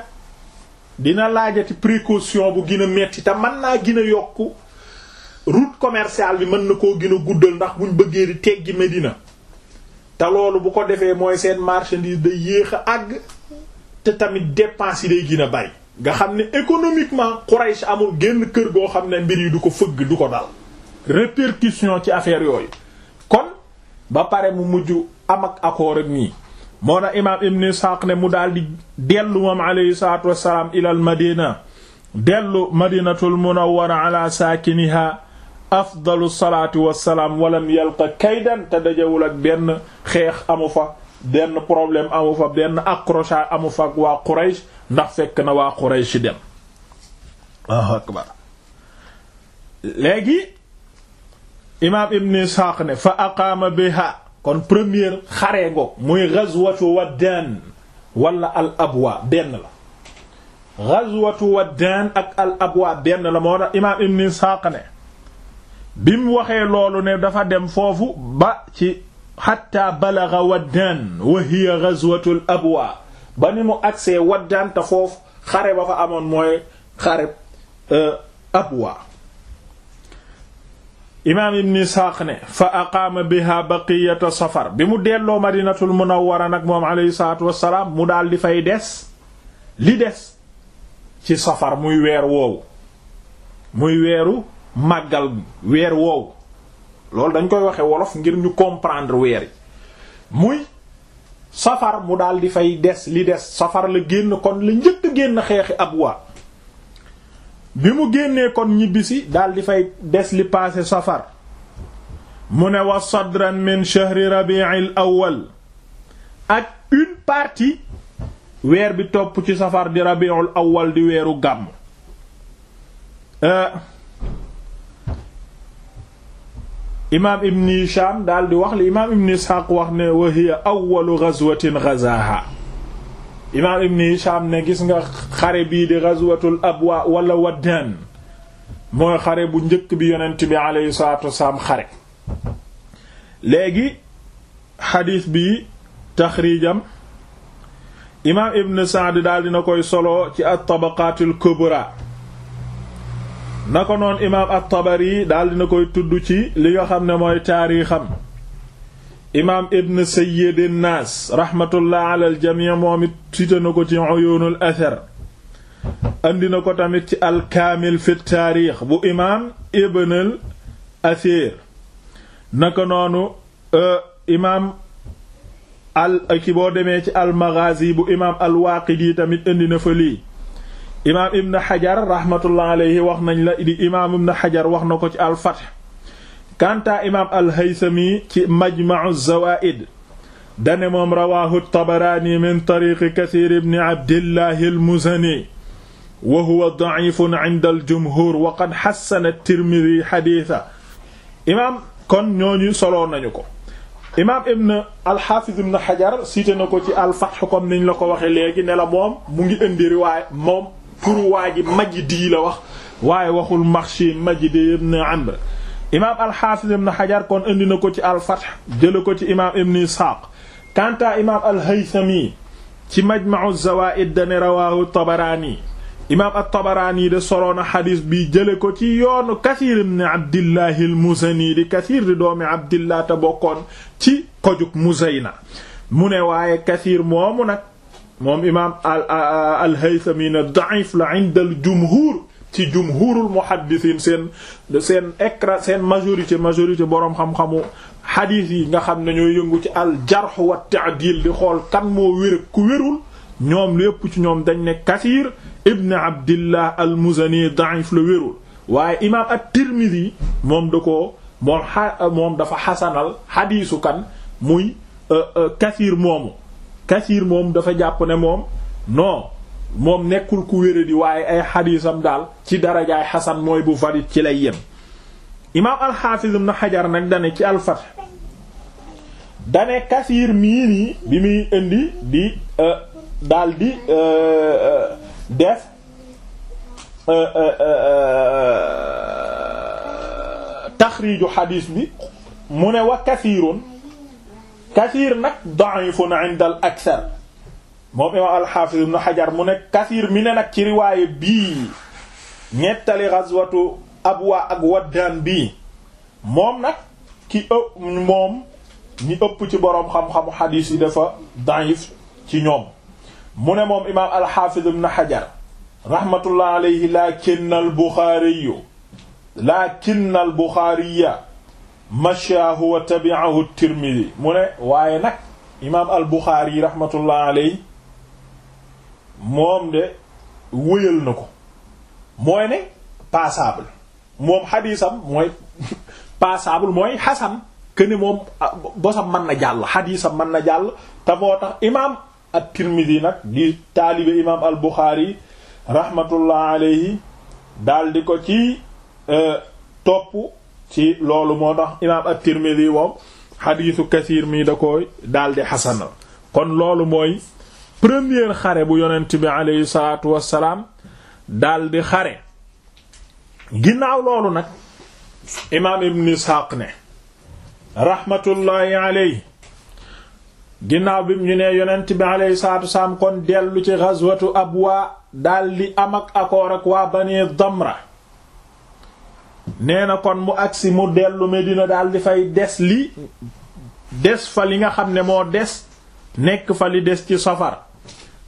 dina laajati précaution bu gën a metti te mën naa gën a yokk route commerciale bi mën na koo gën a guddal ndax buñ bëggee di teggi Medina te loolu bu ko defee mooy seen marchandise day yéex a àgg te tamit dépense yi day gën a bari nga xam ne économiquement Quraysh amul génn kër goo xam ne mbir yi du ko fëgg du ko dal répercussion ci affaire yooyu kon ba pare mu mujj am ak nii moo imaam ibn Isxaaq ne mu daal di dellu moom alayhi salaatu wassalaam ilal madina dellu madinatul munawwara ala saakiniha afdalu salaati wassalaam walam yalqa kaydan te dajewul ak xeex amu fa benn problème amu fa benn accrochage amu fa ak Quraysh ndax fekk na waa Quraysh dem Allahu imaam ibn Isxaaq ne fa aqaama biha kon première xaree ngoog muy ghazwatu waddaan wala al abwa benn la ghazwatu waddaan ak al abwa benn la moo tax imaam ibn Isaaq ne bi mu waxee loolu ne dafa dem foofu ba ci xatta balagha waddaan wa hiya ghazwatu abwa ba ni mu agsee waddaan te foofu xare ba fa amoon mooy xare euh, abwa imaam ibn isxaaq ne fa aqaama biha baqiyata safar bi mu delloo madinatul munawwara nag moom aleyhi salaatu wassalaam mu daal di fay des li des ci safar muy weer woowu muy weeru màggal weer woowu loolu dañ koy waxe wolof ngir ñu comprendre weer yi muy safar mu daal di fay des li des safar la génn kon la njëkk génn xeexi ab waa bi mu génnee kon ñibbisi daal di fay des li paase safar mu ne wa sadran min shahri rabi'il awwal ak une partie weer bi topp ci safar di rabi'ul awwal di weeru gàmm eh, imaam ibn Hisham daal di wax li imaam ibn Ishaq wax ne wa awwalu ghazwatin ghazaha imaam ibn Hisham ne gis nga xare bii di ghazwatul abwa wala waddaan mooy xare bu njëkk bi yonent bi aleyhi xare léegi xadiis bi taxriijam imaam ibn Sa'd daal dina koy solo ci at-Tabaqaatul Kubra na ko noon imaam at-Tabari daal dina koy tudd ci li nga xam ne mooy taarixam imaam ibn sayyidin naas raxmatullah ala aljamii moom it cité na ko ci uyuunul athar andi ko tamit ci alkaamil fi taarix bu imaam ibnul athir naka noonu e, imaam al ki boo demee ci magasi bu imaam alwaaqidi tamit indina na fa lii imaam ibn xajar raxmatullah alayhi wax nañ la di imaam ibn xajar wax na ko ci alfath kanta imaam al-Haythami ci Majma'u Zawaa'id dane moom rawaahu Tabaraani min tariiqi Kasiir ibn Abdillahi al-Muzani wa huwa da'ifun wa qad hassana at-Tirmidhi hadiithahu imaam kon ñooñu solo nañu ko imaam ibn al-Haafiz ibn Hajar cité na ko ci al-Fath comme niñ la ko waxee léegi ne la moom mu ngi indi riwaaya moom pour waa ji Majdi la wax waaye waxul Makhshi Majdi ibn Amr imaam alxaafis ibn xajar kon indi na ko ci alfath jële ko ci imaam ibn isxaaq kanta imaam alhaythami ci majma'u zawaid dane rawahu tabaraani imaam at-tabaraani de soroona xadis bi jële ko ci yoonu kasiir ibn abdillahi al-muzani di kasiir di doomi abdillah te bokkoon ci kojug muzayna mu ne waaye kasiir moomu nag moom imaam al al alhaythami na la inda al jumhur ci jumhurul muhaddisiin seen seen écra seen majorité majorité boroom xam-xamu xadiis yi nga xam ne ñooy yëngu ci al jarh wa ta'dil di xool kan moo wér ku wérul ñoom lépp ci ñoom dañ ne Kasiir ibn Abdillah al-Muzani da'if la wérul waaye imaam at-Tirmidhi moom da ko moom moom dafa xasanal xadiisu kan muy euh, euh, Kasiir moomu Kasiir moom dafa jàpp ne moom non moom nekkul ku wéradi waaye ay xadiisam daal ci darajaay xasan mooy bu valide ci lay yem imaam alxaafiz ibn xajar nag dane ci alfath dane kasiir mii bi muy indi di euh, daal di euh, euh, def taxriiju xadiis bi mu ne wa kasiirun kasiir nag da'ifun 'inda akthar moom imaam alxaafiz ibnu xajar mu ne kasiir mi ne nag ci riwaaye bii ñettali gazwatu abwa ak waddaan bii moom nag ki ëpp moom ñi ëpp ci boroom xam-xamu xadiis yi dafa ci ñoom mu ne moom imaam alxaafiz ibnu xajar rahmatullah alayhi lakin al buxaariyu lakin al buxaariya mashaahu tabi'ahu tirmidi mu ne waaye nag imaam al buxaari rahmatullah alayhi moom de wëyal na ko mooy ne passable moom xadiisam mooy passable mooy xasan këne moom ah, bosam mën na jàll xadiisam man na jàll te boo tax imaam at-Tirmidhi nag di taalibe imaam al-Bukhari rahmatullah alayhi daal ko ci e, topp ci loolu moo tax imaam at-Tirmidhi moom xadiisu kasiir mii koy daal di kon loolu mooy première xare bu yonent bi aleyhi salaatu wassalaam daldi xare ginnaaw loolu nag imaam ibn Isxaaq ne rahmatullaahi aleyhi ginnaaw bi ñu ne yonent bi aleyhi salaatu wassalaam kon dellu ci ghazwatu Abwa daldi am ak ak waa Bani Damra nee na kon mu agsi mu dellu Medina daldi fay des li des fa li nga xam ne moo des nekk fa li des ci safar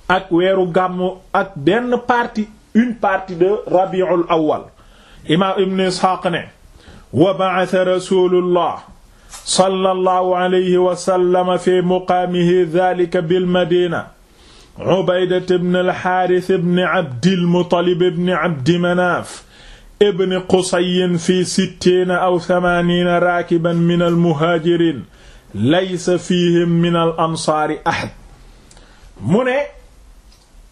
ak weeru gàmmu ak benn partie une partie de rabiul awal imaam ibn isxaaq ne wa ba'atha rasulullah sallallahu alayhi wa sallam fi muqaamihi dhalika bil madina Ubaydat ibn al-Haaris ibn Abdil Muttalib ibn Abdi Manaaf ibn Qusay fi sittiina aw thamaaniina raakiban min al-muhaajiriin laysa fiihim min al-ansaari ahad mu ne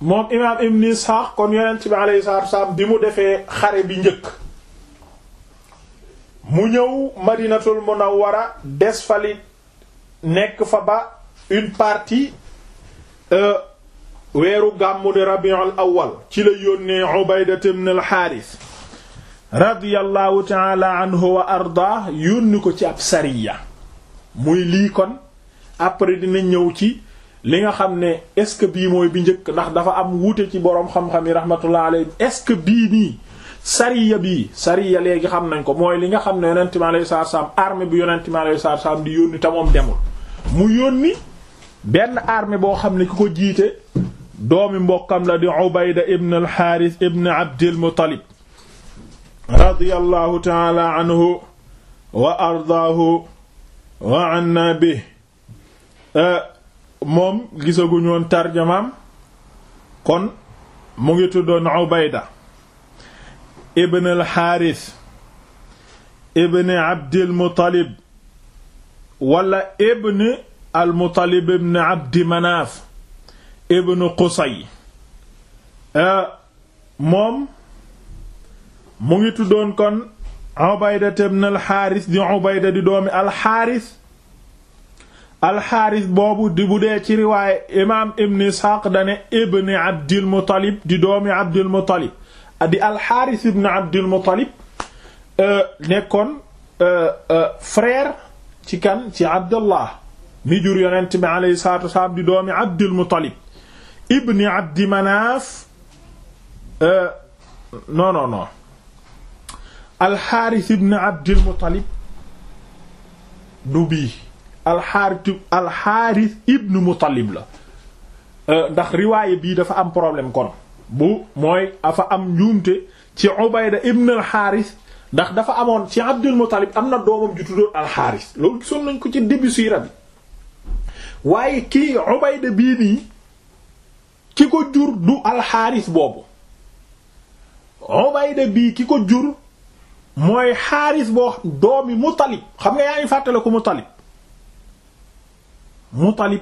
moom imaam ibn Ishaq kon yonent bi bi mu defee xare bi njëkk mu ñëw madinatul munawwara des fali nekk fa ba une partie euh, weeru gàmmu di rabiul awwal ci la yónnee Ubaydat ibn al-Haaris radiyallahu ta'ala anhu wa ardaa yónni ko ci ab sariya muy lii kon après dina ñëw ci li nga xam ne est-ce que bii mooy bi njëkk ndax dafa am wuute ci boroom xam-xam yi rahmatullah alayhi est-ce bii nii sariya bi sariya léegi xam nañ ko mooy li nga xam ne yonent mi alayhi salaatu salaam armée bi yonent mi alayhi salaatu salaam di yónni te moom boo xam ne ki ko jiite doomi mbokkam la di Ubayda ibn al-Harith ibn Abdil Muttalib radiyallahu ta'ala anhu wa ardaahu wa anna bihi moom gisaguñu woon tarjamaam kon mu ngi tuddoon Ubayda ibn al ibn Abdil wala ibn al-Muttalib ibn Abdi Manaaf ibn Qusay euh, moom mu ngi tuddoon kon Ubayda ibn al-Haaris di Ubayda di doomi al alxaaris boobu di bu dee ci riwaaye imaam ibn isxaaq dane ibni abdilmutalib di doomi abdilmutalib di alxaaris ibn abdilmutalib euh, nekkoon euh, euh, frère ci kan ci abdullah mi jur yonent bi aleyhi di doomi abdilmutalib ibni abdi manaaf non non non alxaaris ibn abdilmutalib du bii alxaaritu alxaaris ibnu Mutalib la euh, ndax riwaayé bii dafa am problème kon bu mooy dafa am njuumte ci Ubayda ibn alxaaris ndax dafa amoon ci Abdul Mutalib am na doomam ju tuddoon alxaaris loolu gisoon nañ ko ci début siira bi waaye kii Ubayda bii nii ki ko jur du alxaaris boobu Ubayda bii ki ko jur mooy xaaris boo doomi Mutalib xam nga yaa ngi fàttale ko Mutalib Mutalib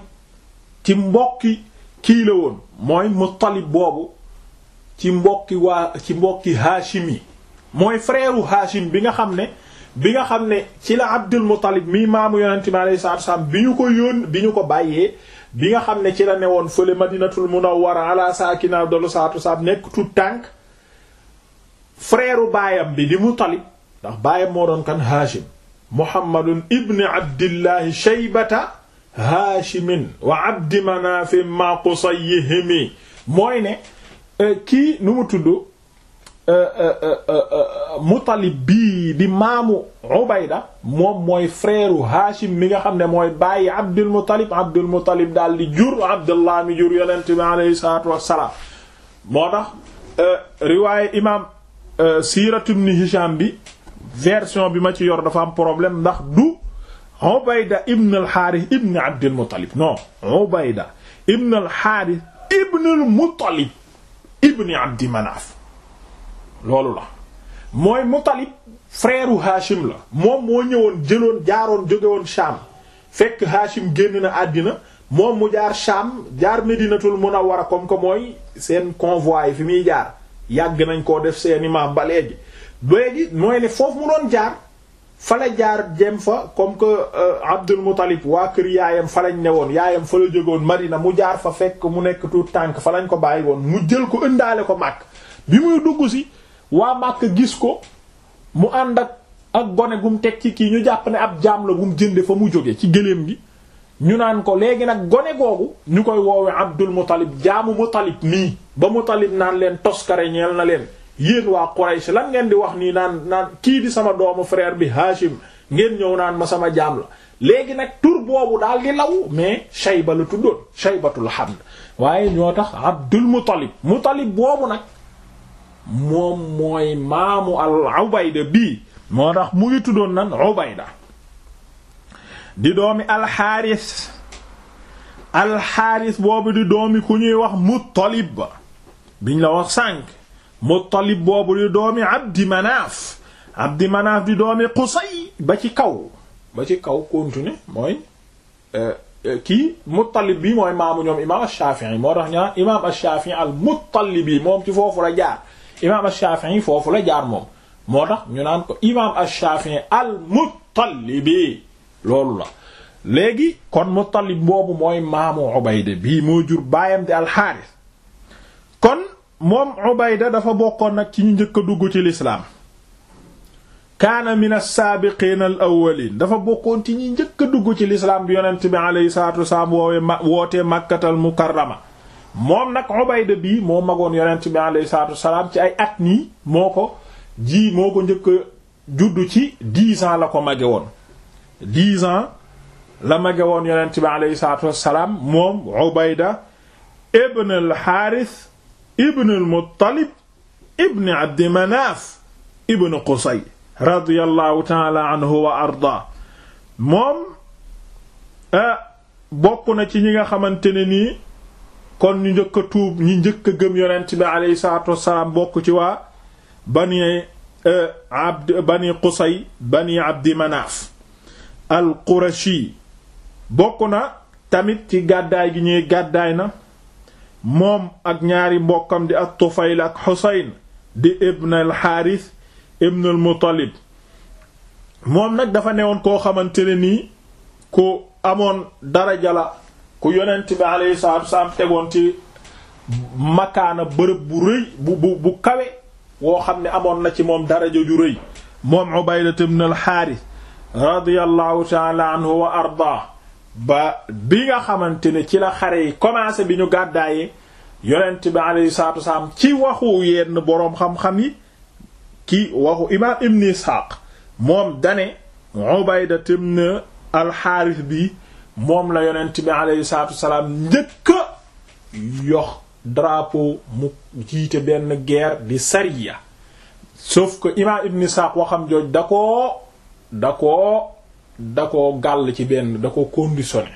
ci mbokki kii la woon mooy Mutalib boobu ci mbokki waa ci mbokki Haashim yi mooy freeru Haashim bi nga xam ne bi nga xam ne ci la Abdul Muttalib mii maamu yonent mi alayhi salaatu salaam bi ñu ko yóon bi ñu ko bàyyee bi nga xam ne ci la newoon fële Madinatul Munawwara ala saakina dolu salaatu salaam nekk tout tànk frère baayam bi di Muttalib ndax baayam moo doon kan Haashim Muhammadun ibn Abdillahi Shaybata haashimin wa abdi manafin ma qusayhimi mooy ne e, kii nu mu tudd e, e, mutalib bii di maamu ubayda moom mooy frère haashim mi nga xam ne mooy bàyyi abdul mutalib abdul mutalib daal di jur abdullah mi jur yonent bi aleyhi salatu wassalaam moo tax riwaaye imam siiratu ibn hisham bi version bi ma ci yor dafa am problème ndax du Ubayda ibn al-Harith ibn Abd al-Muttalib non Ubayda ibn al-Harith ibn al-Muttalib ibn Abd la mooy Muttalib frère la moom moo ñëwoon jëloon jaaroon fekk Hachim génn na àddina moom mu jaar Sham jaar Medinatul Munawwara comme que mooy seen convoi fi muy jaar yàgg nañ koo def seeni imaam ba léegi léegi mooy ne foofu mu doon jaar fa la jaar jëm fa comme que euh, Abdul Muttalib waa kër yaayam fa lañ ne woon yaayam fa la jógoon Madina mu jaar fa fekk mu nekk tuut tànk fa lañ ko bàyyi woon mu jël ko ëndaale ko màkk bi muy dugg si waa màkk gis ko mu ànd ak gone gu mu teg ci kii ñu jàpp ne ab jaam la gum jënde fa mu jóge ci gëléem gi ñu naan ko léegi nag gone googu ñu koy woowe Abdul Muttalib jaamu Muttalib nii ba Muttalib naan leen toskare ñeel na leen yéen waa Quraysh lan ngeen di wax nii naan naan kii di sama doomu frère bi Hashim ngeen ñëw naan ma sama jaam la léegi nag tur boobu daal di law mais Shayba la tuddoon Shaybatul Hamd waaye ñoo tax Abdul Muttalib Muttalib boobu nag moom mooy maamu al Ubayda bii moo tax mu ngi tuddoon nan Ubayda di doomi alxaaris alxaaris boobu di doomi ku ñuy wax Muttalib biñ la wax sànk Muttalib boobu di doomi Abdi Manaaf Abdi Manaaf di doomi Qusay ba ci kaw ba ci kaw continuer mooy euh, euh, kii Muttalib bi mooy maamu ñoom imaam Ash-Shafi'i moo tax ñaa imaam Ash-Shafi'i al moom ci foofu la jaar imaam Ash-Shafi'i foofu la jaar moom moo tax ñu naan ko imaam Ash-Shafi'i al-Muttalibi loolu la léegi kon Muttalib boobu mooy maamu Ubayda bii moo jur baayam di al-Harith moom Ubayda dafa bokkoon nag ci ñu njëkk a dugg ci lislaam kaana min as-saabiqiina al-awwaliin dafa bokkoon ci ñi njëkk a dugg ci lislaam bi yonent bi alayhi salaatu wasalaam woowee ma wootee moom nag Ubayda bii moo magoon yonent bi alayhi salaatu wasalaam ci ay at nii moo ko ji moo ko njëkk a juddu ci dix la ko mage woon dix la mage woon yonent bi alayhi salaatu wasalaam moom Ubayda ibn al-Haaris ibn al-Muttalib ibn Abdi Manaaf ibn Qusay radiyallahu taala anhu wa arda moom bokk na ci ñi nga xamante ne nii kon ñu njëkk a tuub ñi njëkk a gëm yonent bi aleyhi salaatu wassalaam bokk ci waa bani abd bani Qusay bani Abdi Manaaf al-Qurashi bokk na tamit ci gàddaay gi ñuy gàddaay na moom ak ñaari mbokkam di ak Tufayl ak Xusayn di ibn al Xaaris ibn al Muttalib moom nag dafa newoon koo xamante ne nii ku amoon darajala ko ku yonent bi alayhi salaatu wasalaam tegoon ci makaana bërëb bu rëy bu kawe woo xam ne amoon na ci moom daraja ju rëy moom Ubaydat ibn al Xaaris radiyallahu ta'ala anhu wa ardaa ba bi nga xamante ne ci la xare yi commencé bi ñu gàddaayee yonent bi alayhi salaatu ci waxu yenn boroom xam-xam yi ki waxu imaam ibn Isxaaq moom dane Ubayda ibn al bi moom la yonent bi alayhi salaatu wasalaam njëkk yox drapeau mu jiite benn guerre bi sariya sauf que imaam ibn Isxaaq waxam jooj da koo da koo da ko gàll ci benn da ko conditionné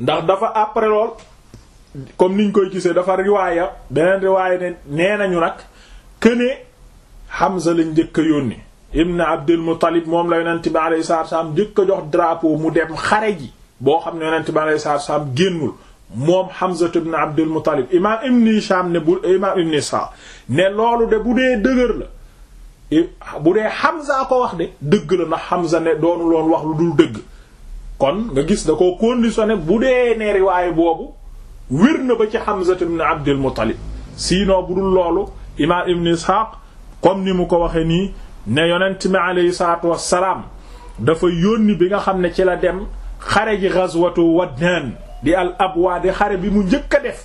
ndax dafa après lool comme niñ koy gisee dafa riwaaya beneen riwaaya ne nee nañu nag këne Hamza lañ njëkk a yónni ibn Abdul Muttalib moom la yonent bi alayhi salaatu salaam njëkk a jox drapeau mu dem xare ji boo xam ne yonent bi alayhi salaatu salaam génnul moom Hamza ibn Abdul Muttalib imaam Ibn Hisham ne bu imaam Ibn Isa ne loolu de bu dee dëgër la bu dee Hamza ko wax de dëgg la ndax Hamza ne doonu loon wax lu dul dëgg kon nga gis da ko conditionné bu dee ne riwaay boobu wér na ba ci Hamza ibn Abdul Muttalib sinon bu dul loolu imaam Ibn Ishaq comme ni mu ko waxee nii ne yonent mi aleyhi salaatu wassalaam dafa yónni bi nga xam ne ci la dem xare ji ghazwatu Waddaan di al abwaa di xare bi mu njëkk a def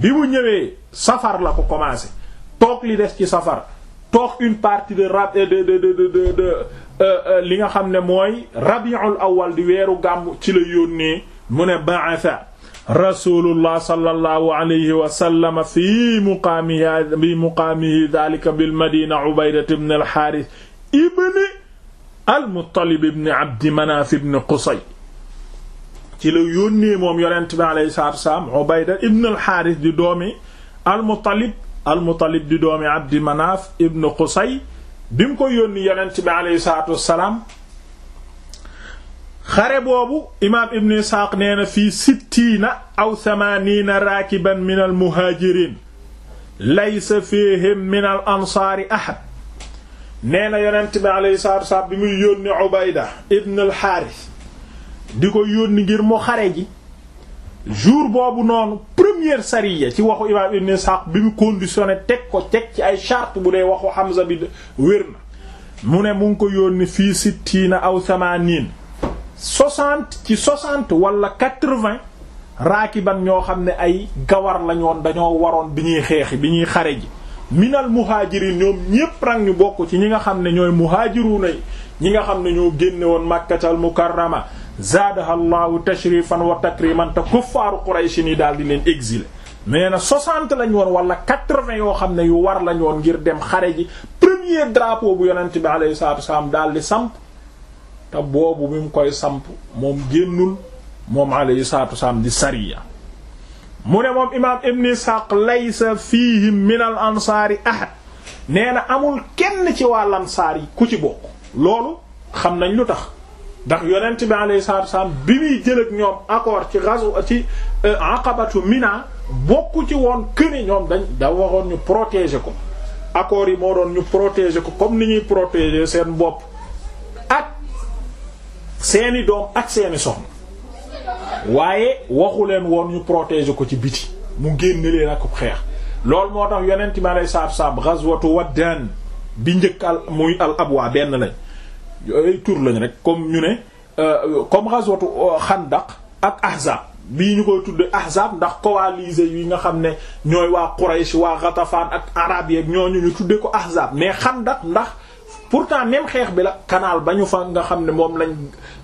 bi mu ñëwee safar la ko commencé toog li des ci safar toog une partie de rab de de de de euh, euh, li nga xam ne mooy rabiul awal di weeru gàmm ci la yónnee mu ne ba'atha rasulullah sallallahu alayhi wa sallam fi muqaamihi bi muqaamihi dhalika bil madina ubayda ibn al harith ibn al muttalib ibn abd manaf ibn qusay ci la yónnee moom yonent bi alayhi salaatu wa salaam ubayda ibn al harith di doomi al muttalib almutalib di doomi abdi manaaf ibn qusay bi mu ko yónni yonent bi aleyhi salaatu wassalaam xare boobu imaam ibn isxaaq nee na fii sittiina aw samaaniina raakiban min al muhaajiriin laysa fihim min al ansaari ahad nee na yonent bi aleyhi salaatu wassalaam bi muy yónni ubayda ibn al di ko yónni ngir mu xare jour boobu noonu première sariya ci waxu imaam Ibn Ishaq bi mu conditionné teg ko teg ci ay charte bu dee waxu Hamza bi wér na mu ne mu ngi ko yónni fii sittiina aw samaaniin soixante ci soixante wala quatre-vingts raakiban ñoo xam ne ay gawar lañoon dañoo waroon bi ñuy xeexi bi ñuy xare ji minal muhaajiriin ñoom ñépp rang ñu bokk ci ñi nga xam ne ñooy muhaajiruuna ñi nga xam ne ñoo génne woon Makkatal Mukarrama zaadaha llahu tashrifan wa takriman te kuffaaru qurayshi ni daal di leen exilé nee na 60 lañ woon wala 80 yoo xam ne yu war lañ woon ngir dem xare ji premier drapeau bu yonent bi alayhi salatu wasalaam daal di samp te boobu mi mu koy samp moom génnul moom alayhi salatu wasalaam di sariya mu ne moom imaam ibn ishaq laysa fihim min al ansaari ahad nee na amul kenn ci waa lansaar yi ku ci bokk loolu xam nañ lu tax ndax yonent bi alayhi salaatu wasallam bi muy jël ñoom accord ci rasu ci euh, aqabatu mina bokku ci woon këne ñoom dañ da waxoon ñu protéger ko accords yi moo doon ñu protéger ko comme ni ñuy protéger seen bopp ak seeni doom ak seeni soxna waxu leen woon ñu protéger ko ci biti mu génne leen ak xeex loolu moo tax yonent bi alayhi salaatu wasallam wa Waddaan bi njëkk al muy al abwa benn lañ ay tur lañ rek comme ñu ne euh, comme ghazwatu euh, xandaq ak ahzab bii ñu koy tudd ahzab ndax coalisés yi nga xam ne ñooy waa Quraysh waa Ghatafan ak arab yeek ñooñu ñu tuddee ko ahzab mais xandaq ndax pourtant même xeex bi la kanaal ba ñu fa nga xam ne moom lañ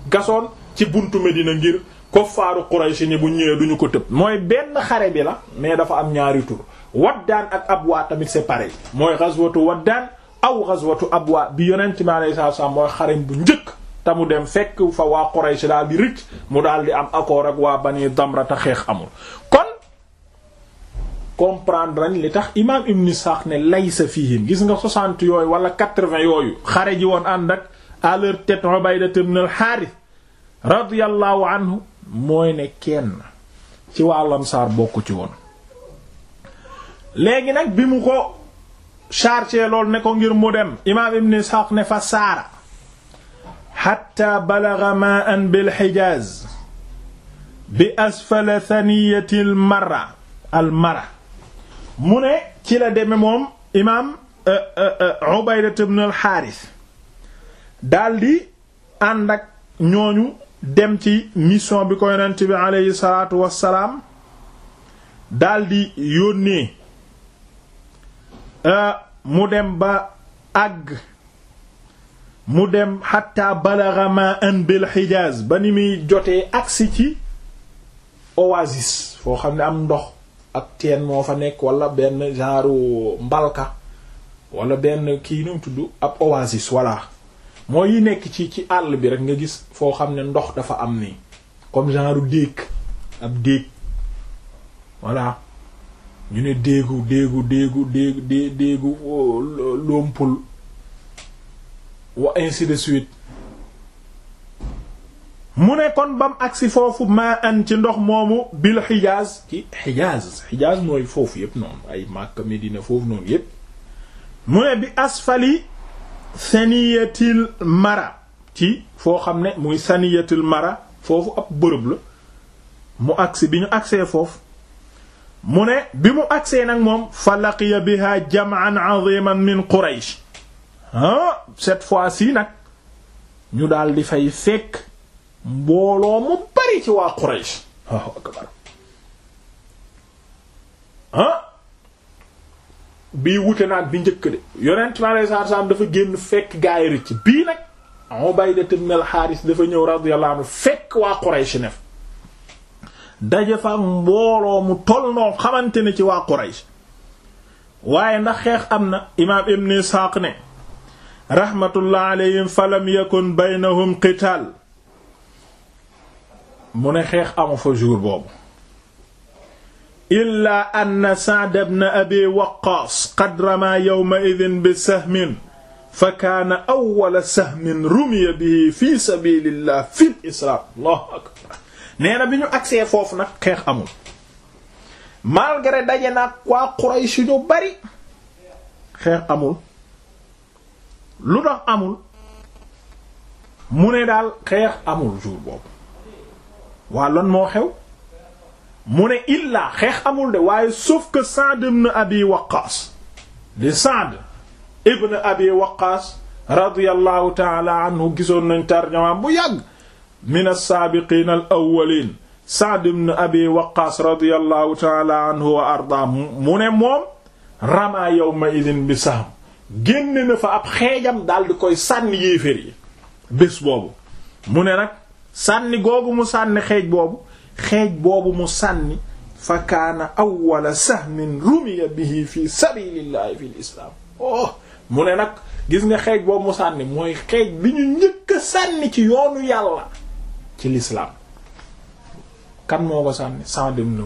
gasoon ci buntu Medina ngir koffaaru Quraysh ni bu ñëwee duñu ko tëb mooy benn xare bi la mais dafa am ñaari tur waddaan ak abwaa tamit c'est pareil mooy ghazwatu waddaan aw ghazwatu abwa bi yonent bi alayhi salaatu salaam mooy xareem bu njëkk tamu dem fekk fa waa Quraysh daal di rëcc mu daal di am accord ak waa Bani Damra xeex amul kon comprendre li tax imaam Ibn Ishaq ne laysa fihim gis nga 60 yooyu wala 80 yooyu xare ji woon ànd ak à leur tête Ubayda ibn al anhu mooy ne kenn ci waa Ansaar bokku ci woon léegi nag bi mu ko chargé lool ne ko ngir mu dem imaam ibn Isxaaq ne fa saara xatta balaga ma an bil Hijaaz bi asfala thaniyati al mara al mara mu ne ci la deme moom imaam euh, euh, euh, Ubaydat ibn al Haaris daldi ànd ñooñu dem ci mission bi ko yonent bi aleyhi salaatu wassalaam daldi yónnee Euh, mu dem ba àgg mu dem xatta balagha ma'an bil Hijaz ba ni muy jotee agsi ci oasis foo xam ne am ndox ak teen moo fa nekk wala benn genre mbalka walla benn kii nu tudd ab oasis voilà mooy yi nekk ci ci àll bi rek nga gis foo xam ne ndox dafa am ni comme genre déeg ab déeg voilà ñu ne déegu déegu déegu déegu déegu déegu oh, wa ainsi de suite mu ne kon bam agsi foofu maa an ci ndox moomu bil xijaaz ci xijaaz xijaaz mooy foofu yépp noonu ay Makka Medina foofu noonu yépp mu ne bi asfali saniyatil mara ci foo xam ne muy saniyatil mara foofu ab bërëb la mu agsi bi ñu agsee foofu mu ne bi mu agsee nag moom fa laqiya biha jam'an 'aziman min Quraysh ah cette fois si nag ñu daal di fay fekk mbooloo mu bari ci waa Quraysh waaw akbar ah bii wute naag bi njëkk de yonent ma aleyhi salaatu salaam dafa génn fekk gaay rëcc bii nag Ubayda ibn al-Haaris dafa ñëw radiyallahu anhu fekk waa Quraysh nef daje fa mbooloo mu toll noo xamante ne ci waa Quraysh waaye ndax xeex am na imaam ibn Isxaaq ne rahmatullah alayhim falam yakun baynahum qital mu ne xeex amu fa jour boobu illa ann Sa'd ibn Abi Waqqas qad rama yawma'idhin bi sahmin fa kaana awwala sahmin rumiya bihi fi sabilillah fil islaam Allahu akbar nee bi ñu agsee foofu nag xeex amul malgré daje nag waa Quraysh ñu bari xeex amul lu tax amul mu ne daal xeex amul jour boobu waa lan moo xew mu ne illaa xeex amul de waaye sauf que Sa'd ibn Abi Waqqas di Sa'd ibn Abi Waqqas radiyallahu ta'ala anhu gisoon nañ tarjamaam bu yàgg min as-saabiqiina al-awwaliin Sa'd ibn Abi Waqqaas radiyallahu ta'ala anhu wa ardaa mu ne moom ramaa yawma idin bi Sahm génne na fa ab xeejam daal di koy sànni yéeféer yi bés boobu mu ne nag sànni googu mu sànni xeej boobu xeej boobu mu sànni fa kaana awwala sahmin rumiya bihi fi sabilillahi fi lislaam oh mu ne nag gis nga xeej boobu mu sànni mooy xeej bi ñu njëkk a sànni ci yoonu yàlla ci lislaam kan moo ko sànni Saad ibn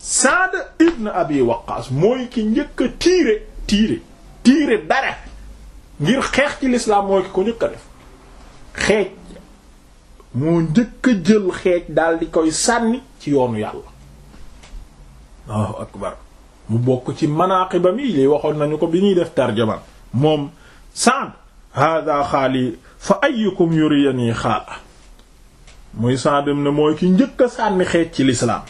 Saad ibn Abi Waqqas mooy ki njëkk tiire tiire tiire dara ngir xeex ci lislaam mooy ki ko njëkk a def xeej moo njëkk a jël xeej daal di koy sànni ci yoonu yàlla Allahu akbar mu bokk ci manaqibam yi li waxoon nañu ko bi ñuy def tarjaman moom Saad hada xaali fa ayyukum yuriyani xaala muy Sa'd ibn mooy ki njëkk a sànni xeet ci lislaam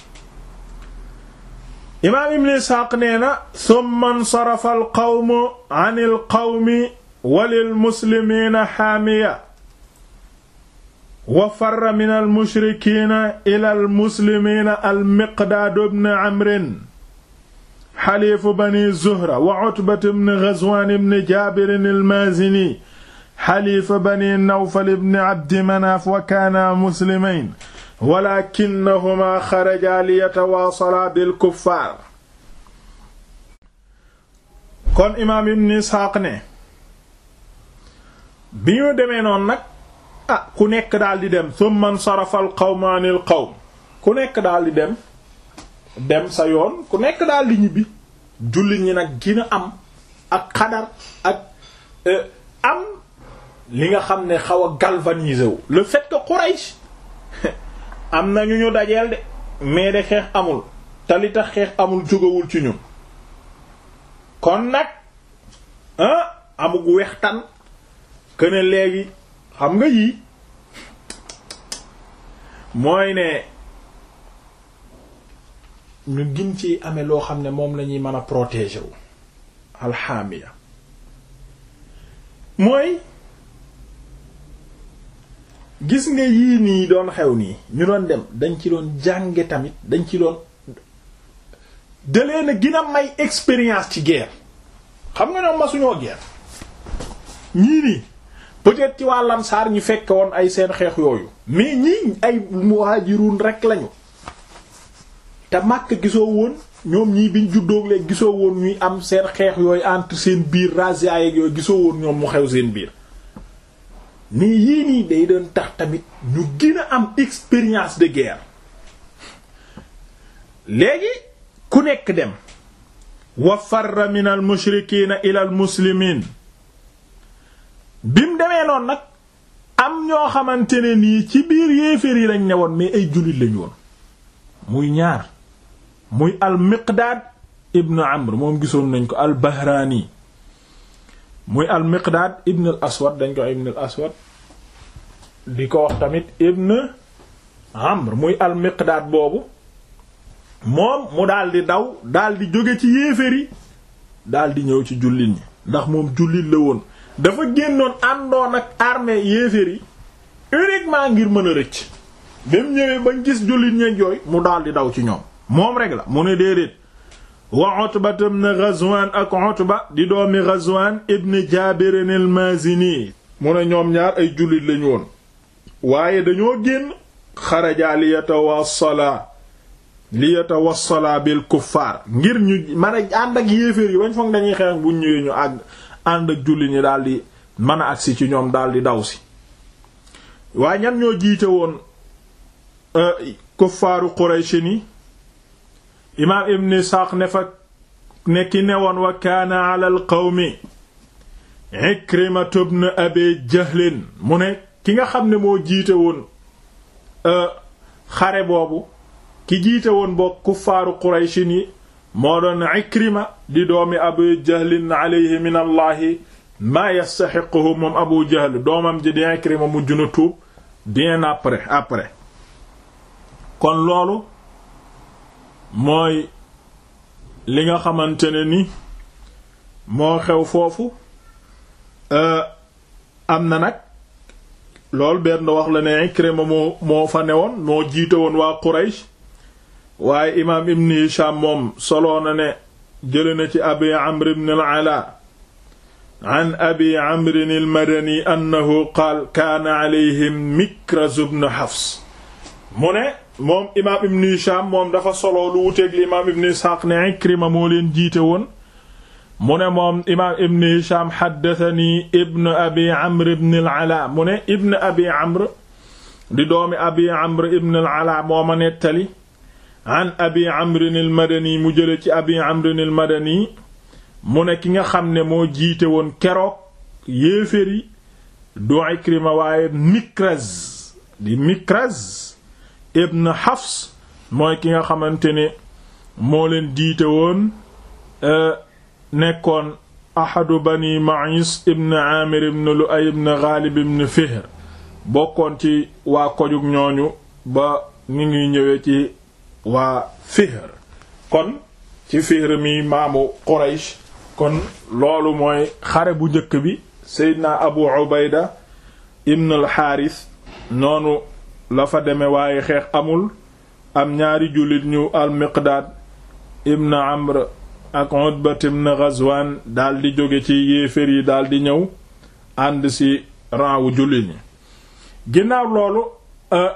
imaam ibn Isxaaq nee na summa nsarafa al qawmu an il qawmi wa lil muslimiina xaamiya wa farra min al mushrikiina ila al muslimiina al miqdaad ibn amrin xaliifu bani zuhra wa utbat ibn ghazwaan ibn jaabirin al maazini xalifa bani nawfal ibni abdi manaaf wa demee noon nag ah, ku nekk daal di dem summa nsarafa al nekk daal di sa yoon ku nekk daal di ñibbi jullit am ak xadar ak eh, am li nga xam ne xaw a galvanisé wu le fait que Quraysh am na ñu ñu dajeel de mais de xeex amul te xeex amul jógawul ci ñun kon nag ah amug wextan que ne léegi xam nga yii mooy ne ñu gin ci ame loo xam ne moom la ñuy mën a protéger wu alxaamiya mooy gis nga yii nii doon xew nii ñu doon dem dañ ci doon jànge tamit dañ ci doon dalee na gën a may expérience ci guerre xam nga ñoom masuñoo guerre ñii nii peut-être ci waa Ansaar ñu fekke ay seen xeex yooyu mais ñii ay muhajirun rek lañu te Makka gisoo woon ñoom ñii biñ juddoo léegi gisoo woon ñuy am seen xeex yooyu entre seen biir razzia ak yooyu gisoo woon ñoom mu xew seen biir mais yii nii day doon tax tamit ñu gën a am expérience de guerre léegi ku nekk dem wa farra min al mushrikiina ila al muslimiin bi mu demee noonu nag am ñoo xamante ne nii ci biir yéeféer yi lañ ne woon mais ay jullit lañu woon muy ñaar muy al miqdaad ibnu amr moom gisoon nañ ko al bahraani muy al miqdaad ibn al aswad dañ ko ibn al aswad di ko wax tamit ibn amr muy al miqdaad boobu moom mu daal daw daal di jóge ci yéeféer yi daal di ñëw ci jullit ñi ndax moom jullit la woon dafa génnoon àndoon ak armée yéeféer yi uniquement ngir mën a rëcc ba mu ñëwee bañ gis jullit ña jooy mu daal di daw ci ñoom moom rek la mu ne déedéet waa Utba ibn Ghazwan ak Utba di doomi ay jullit lañu woon waaye dañoo génn xaraja li yatawassala ngir ñu mën yi bañ foog dañuy bu ñëwee ñu àgg ànd ak ñi daldi mën a agsi ci ñoom daldi daw si waaye ñan ñoo jiite woon euh, kuffaaru Quraysh ni imaam ibn isxaaq ne fa ne ki wa kaana ala al qawmi ikrimatu bnu abi mu ne ki nga xam ne moo jiite woon euh, xare boobu ki jiite woon bokk kuffaaru qurayshi ni moo doon ikrima di doomi abu alayhi min allahi maa yastaxiquhu moom abu jahl doomam ji di ikrima mujj na tuub bien après après kon loolu mooy li nga xamante ne ni moo xew foofu euh, am na nag lool benn wax la ne Ikrima moo moo fa newoon moo jiite woon waa Quraysh waaye imaam Ibn Hisham moom soloo na ne jële na ci Abi Amr ibn al an Abi Amr al-Madani annahu qaal kaana alayhim Mikraz ibn Hafs mu ne moom imaam ibn Hisham moom dafa solo lu wuteeg li imaam ibn Ishaq ne Ikrima moo leen jiite woon mu ne moom imaam ibn Hisham haddathani ibn abi amr ibn al-Ala mu ne ibn abi amr ibn al-Ala moo ma nettali an abi amr al-Madani mu jële ci abi amr al-Madani mu ne ki nga xam ne moo jiite woon keroog yéeféri doo Ikrima waaye Mikraz di Mikraz ibn Hafs mooy ki nga xamante ne moo leen diite woon e, nekkoon ahadu bani Ma'is ibn Amir ibn Lu'ay ibn Ghalib ibn Fihr bokkoon ci waa kojug ñooñu ba ni ngi ñëwee ci waa Fihr kon ci Fihr mi maamu Quraysh kon loolu mooy xare bu njëkk bi Seydina Abu Ubayda ibn al-Harith noonu la fa deme waaye xeex amul am ñaari jullit ñu al-Miqdaad ibn Amr ak Utbat ibn daldi jóge ci yéefér yi daldi ñëw ànd ci ranwu jullit ñi ginnaaw loolu euh,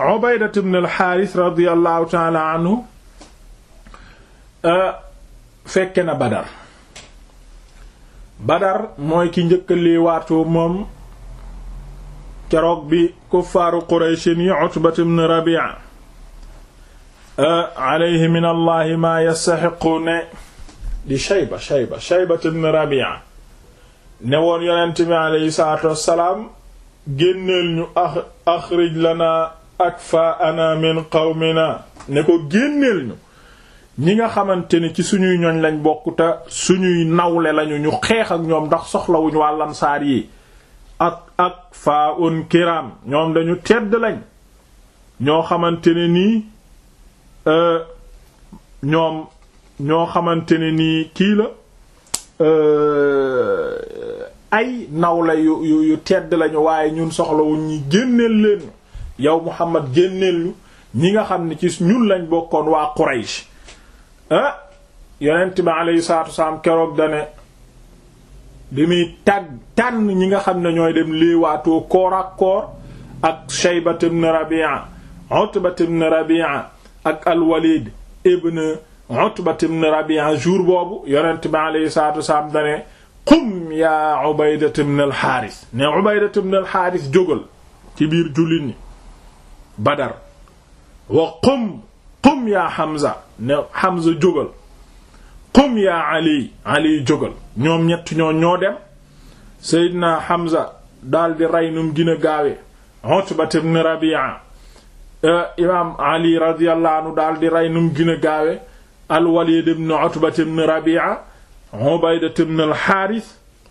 Ubaydat ibn al-Haaris radiyallahu euh, fekke na Badar Badar mooy ki njëkk a liiwaatoo moom keroog bi kuffaaru qurayshin yi utbat ibn rabi'a alayhi min allahi maa yastaxiqu ne di shayba shayba génneel ñu axrij lana akfaana min qawmina ne ko génneel ñu ñi nga xamante ni ci suñuy ñoñ lañ bokkuta te suñuy nawle lañu ñu xeex ak ñoom ndax soxlawuñu wàllansaar yi ak faa un kiraam ñoom dañu tedd lañ ñoo xamante ne nii euh, ñoom ñoo xamante ne nii kii la euh, ay naw la yu tedd lañu waaye ñun soxlawuñ ñi génneel leen yow Muhammad génneelu ñi nga xam ne ci ñun lañ bokkoon waa Quraysh ah yonent bi alayhi salaatu wasalaam keroog dane bi muy tàgg ñi nga xam ne ñooy dem léewaatoo koor ak koor ak Shaybat ibn Rabi'a ak al-Walid ibn Utbat ibn Rabi'a jour boobu yonent bi alayhi salaatu wasalaam al-Haaris ne al-Haaris jógal ci biir jullit ñi Badar wa qum qum yaa Hamza ne Hamza jógal qum yaa ali ali jógal ñoom ñett ñoo ñoo dem seydina hamza daldi rey num gën a gaawe utbat ibn rabi'a eh, imaam ali radiyallahu anhu daldi rey num gën a gaawe alwalid ibn utbat ibn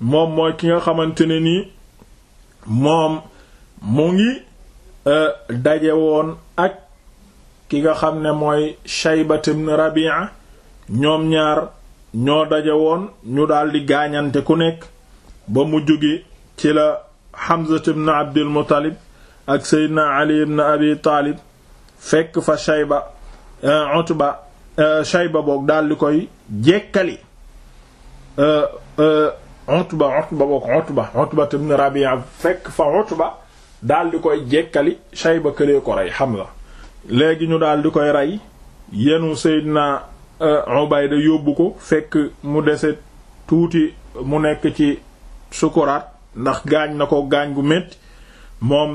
moom mooy ki nga xamante ne nii moom mu ngi eh, daje woon ak ki nga xam ne mooy shaybat ibn rabi'a ñoom ñaar ñoo daje woon ñu daldi gaañante ku nekk ba mujj gi ci la Hamza ibn Abdul Muttalib ak Seydina Ali ibn Abi Taalib fekk fa Shayba euh, Utba euh, Shayba boog daldi koy jekkali euh, Utba Utba boog Utba Utba ibn Rabi'a fekk fa Utba daldi koy jekkali Shayba këlee ko rey Hamza léegi ñu daldi koy rey yenu Seydina Euh, Ubayda yóbbu ko fekk mu dese tuuti mu nekk ci sukuraat ndax gaañ na ko gaañ gu métti moom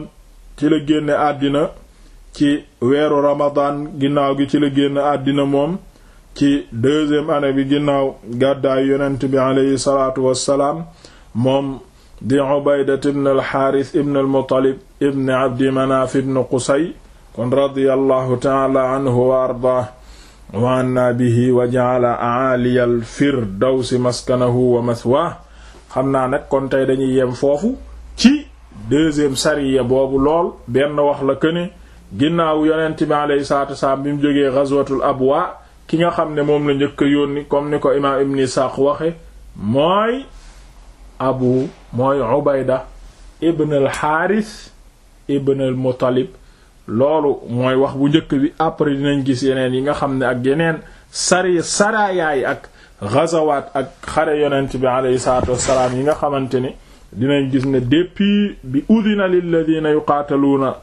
ci la génne àddina ci weeru Ramadan ginnaaw gi ci la génn àddina moom ci deuxième année bi ginnaaw gàddaay yonent bi aleyhi salaatu wassalaam moom di Ubaydat ibn al ibn al ibn Abdi Manaaf ibn Qusay kon radiyallahu ta'ala anhu wa ardaah wa anna bihi wa ja'ala aaliyal firdawsi maskanahu wa mathwa xam naa nag kon tey dañuy yem foofu ci deuxième sariya boobu lool benn wax la këne ginnaaw yonent bi alayhi salaatu wasalaam bi mu jógee ghazwatul abwa ki nga xam ne moom la njëkk a yónni comme ni ko imaam ibn Isaaq waxe mooy abu mooy Ubayda ibn al Haaris ibn al Muttalib loolu mooy wax bu njëkk bi après dinañ gis yeneen yi nga xam ne ak yeneen sari saraayaay ak ghazawaat ak xare yonent bi alayhi salaatu wassalaam yi nga xamante ni dinañ gis ne depuis bi udina lilladina na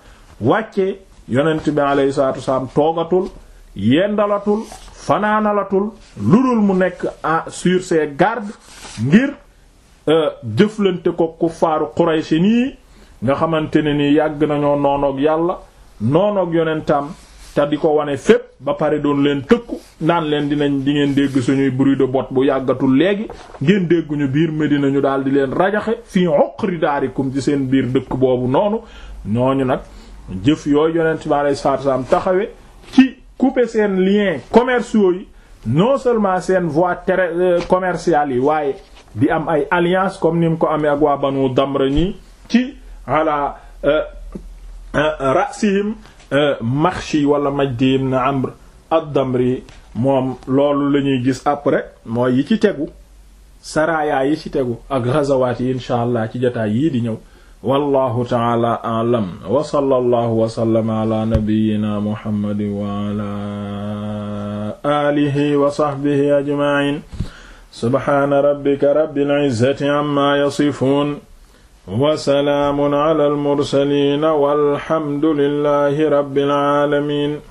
wàcce yonent bi alayhi salaatu wassalaam toogatul yendalatul fanaanalatul lu dul mu nekk en sur ses gardes ngir euh, jëflante ko ku faaru Quraysh nii nga xamante ne nii yàgg nañoo noonoog yàlla ak yonentam te di ko wane fépp ba pare doon leen tëkku naan leen dinañ di ngeen dégg suñuy bruit de botte bu yàggatul léegi ngeen dégguñu biir Medina ñu daal di leen rajaxe fii uqri daarikum ci seen biir dëkk boobu noonu ñooñu nag jëf yooyu yonent bi alayhi salaatu salaam taxawe ci couper seen liens commerciaux yi non seulement seen voies terrestres euh, commercial yi waaye di am ay alliance comme ni mu ko amee ak waa Banu Damra ñi ci ala euh, Euh, rasihim euh, Maxshi wala Majdi ibn Amr ad-Damri moom loolu la ñuy gis après mooy yi ci tegu saraayaa yi ci tegu ak ghazawaat yi insha allah ci jotaay yii di ñëw wallahu ta'ala a'lam wa sallallahu wa sallama ala nabiyyina muhammadin wa ala alihi wa sahbihi ajma'in subhana rabbika rabbil izzati amma yasifun wasalaamun ala almursalina walhamdulillahi rabbil aalamiin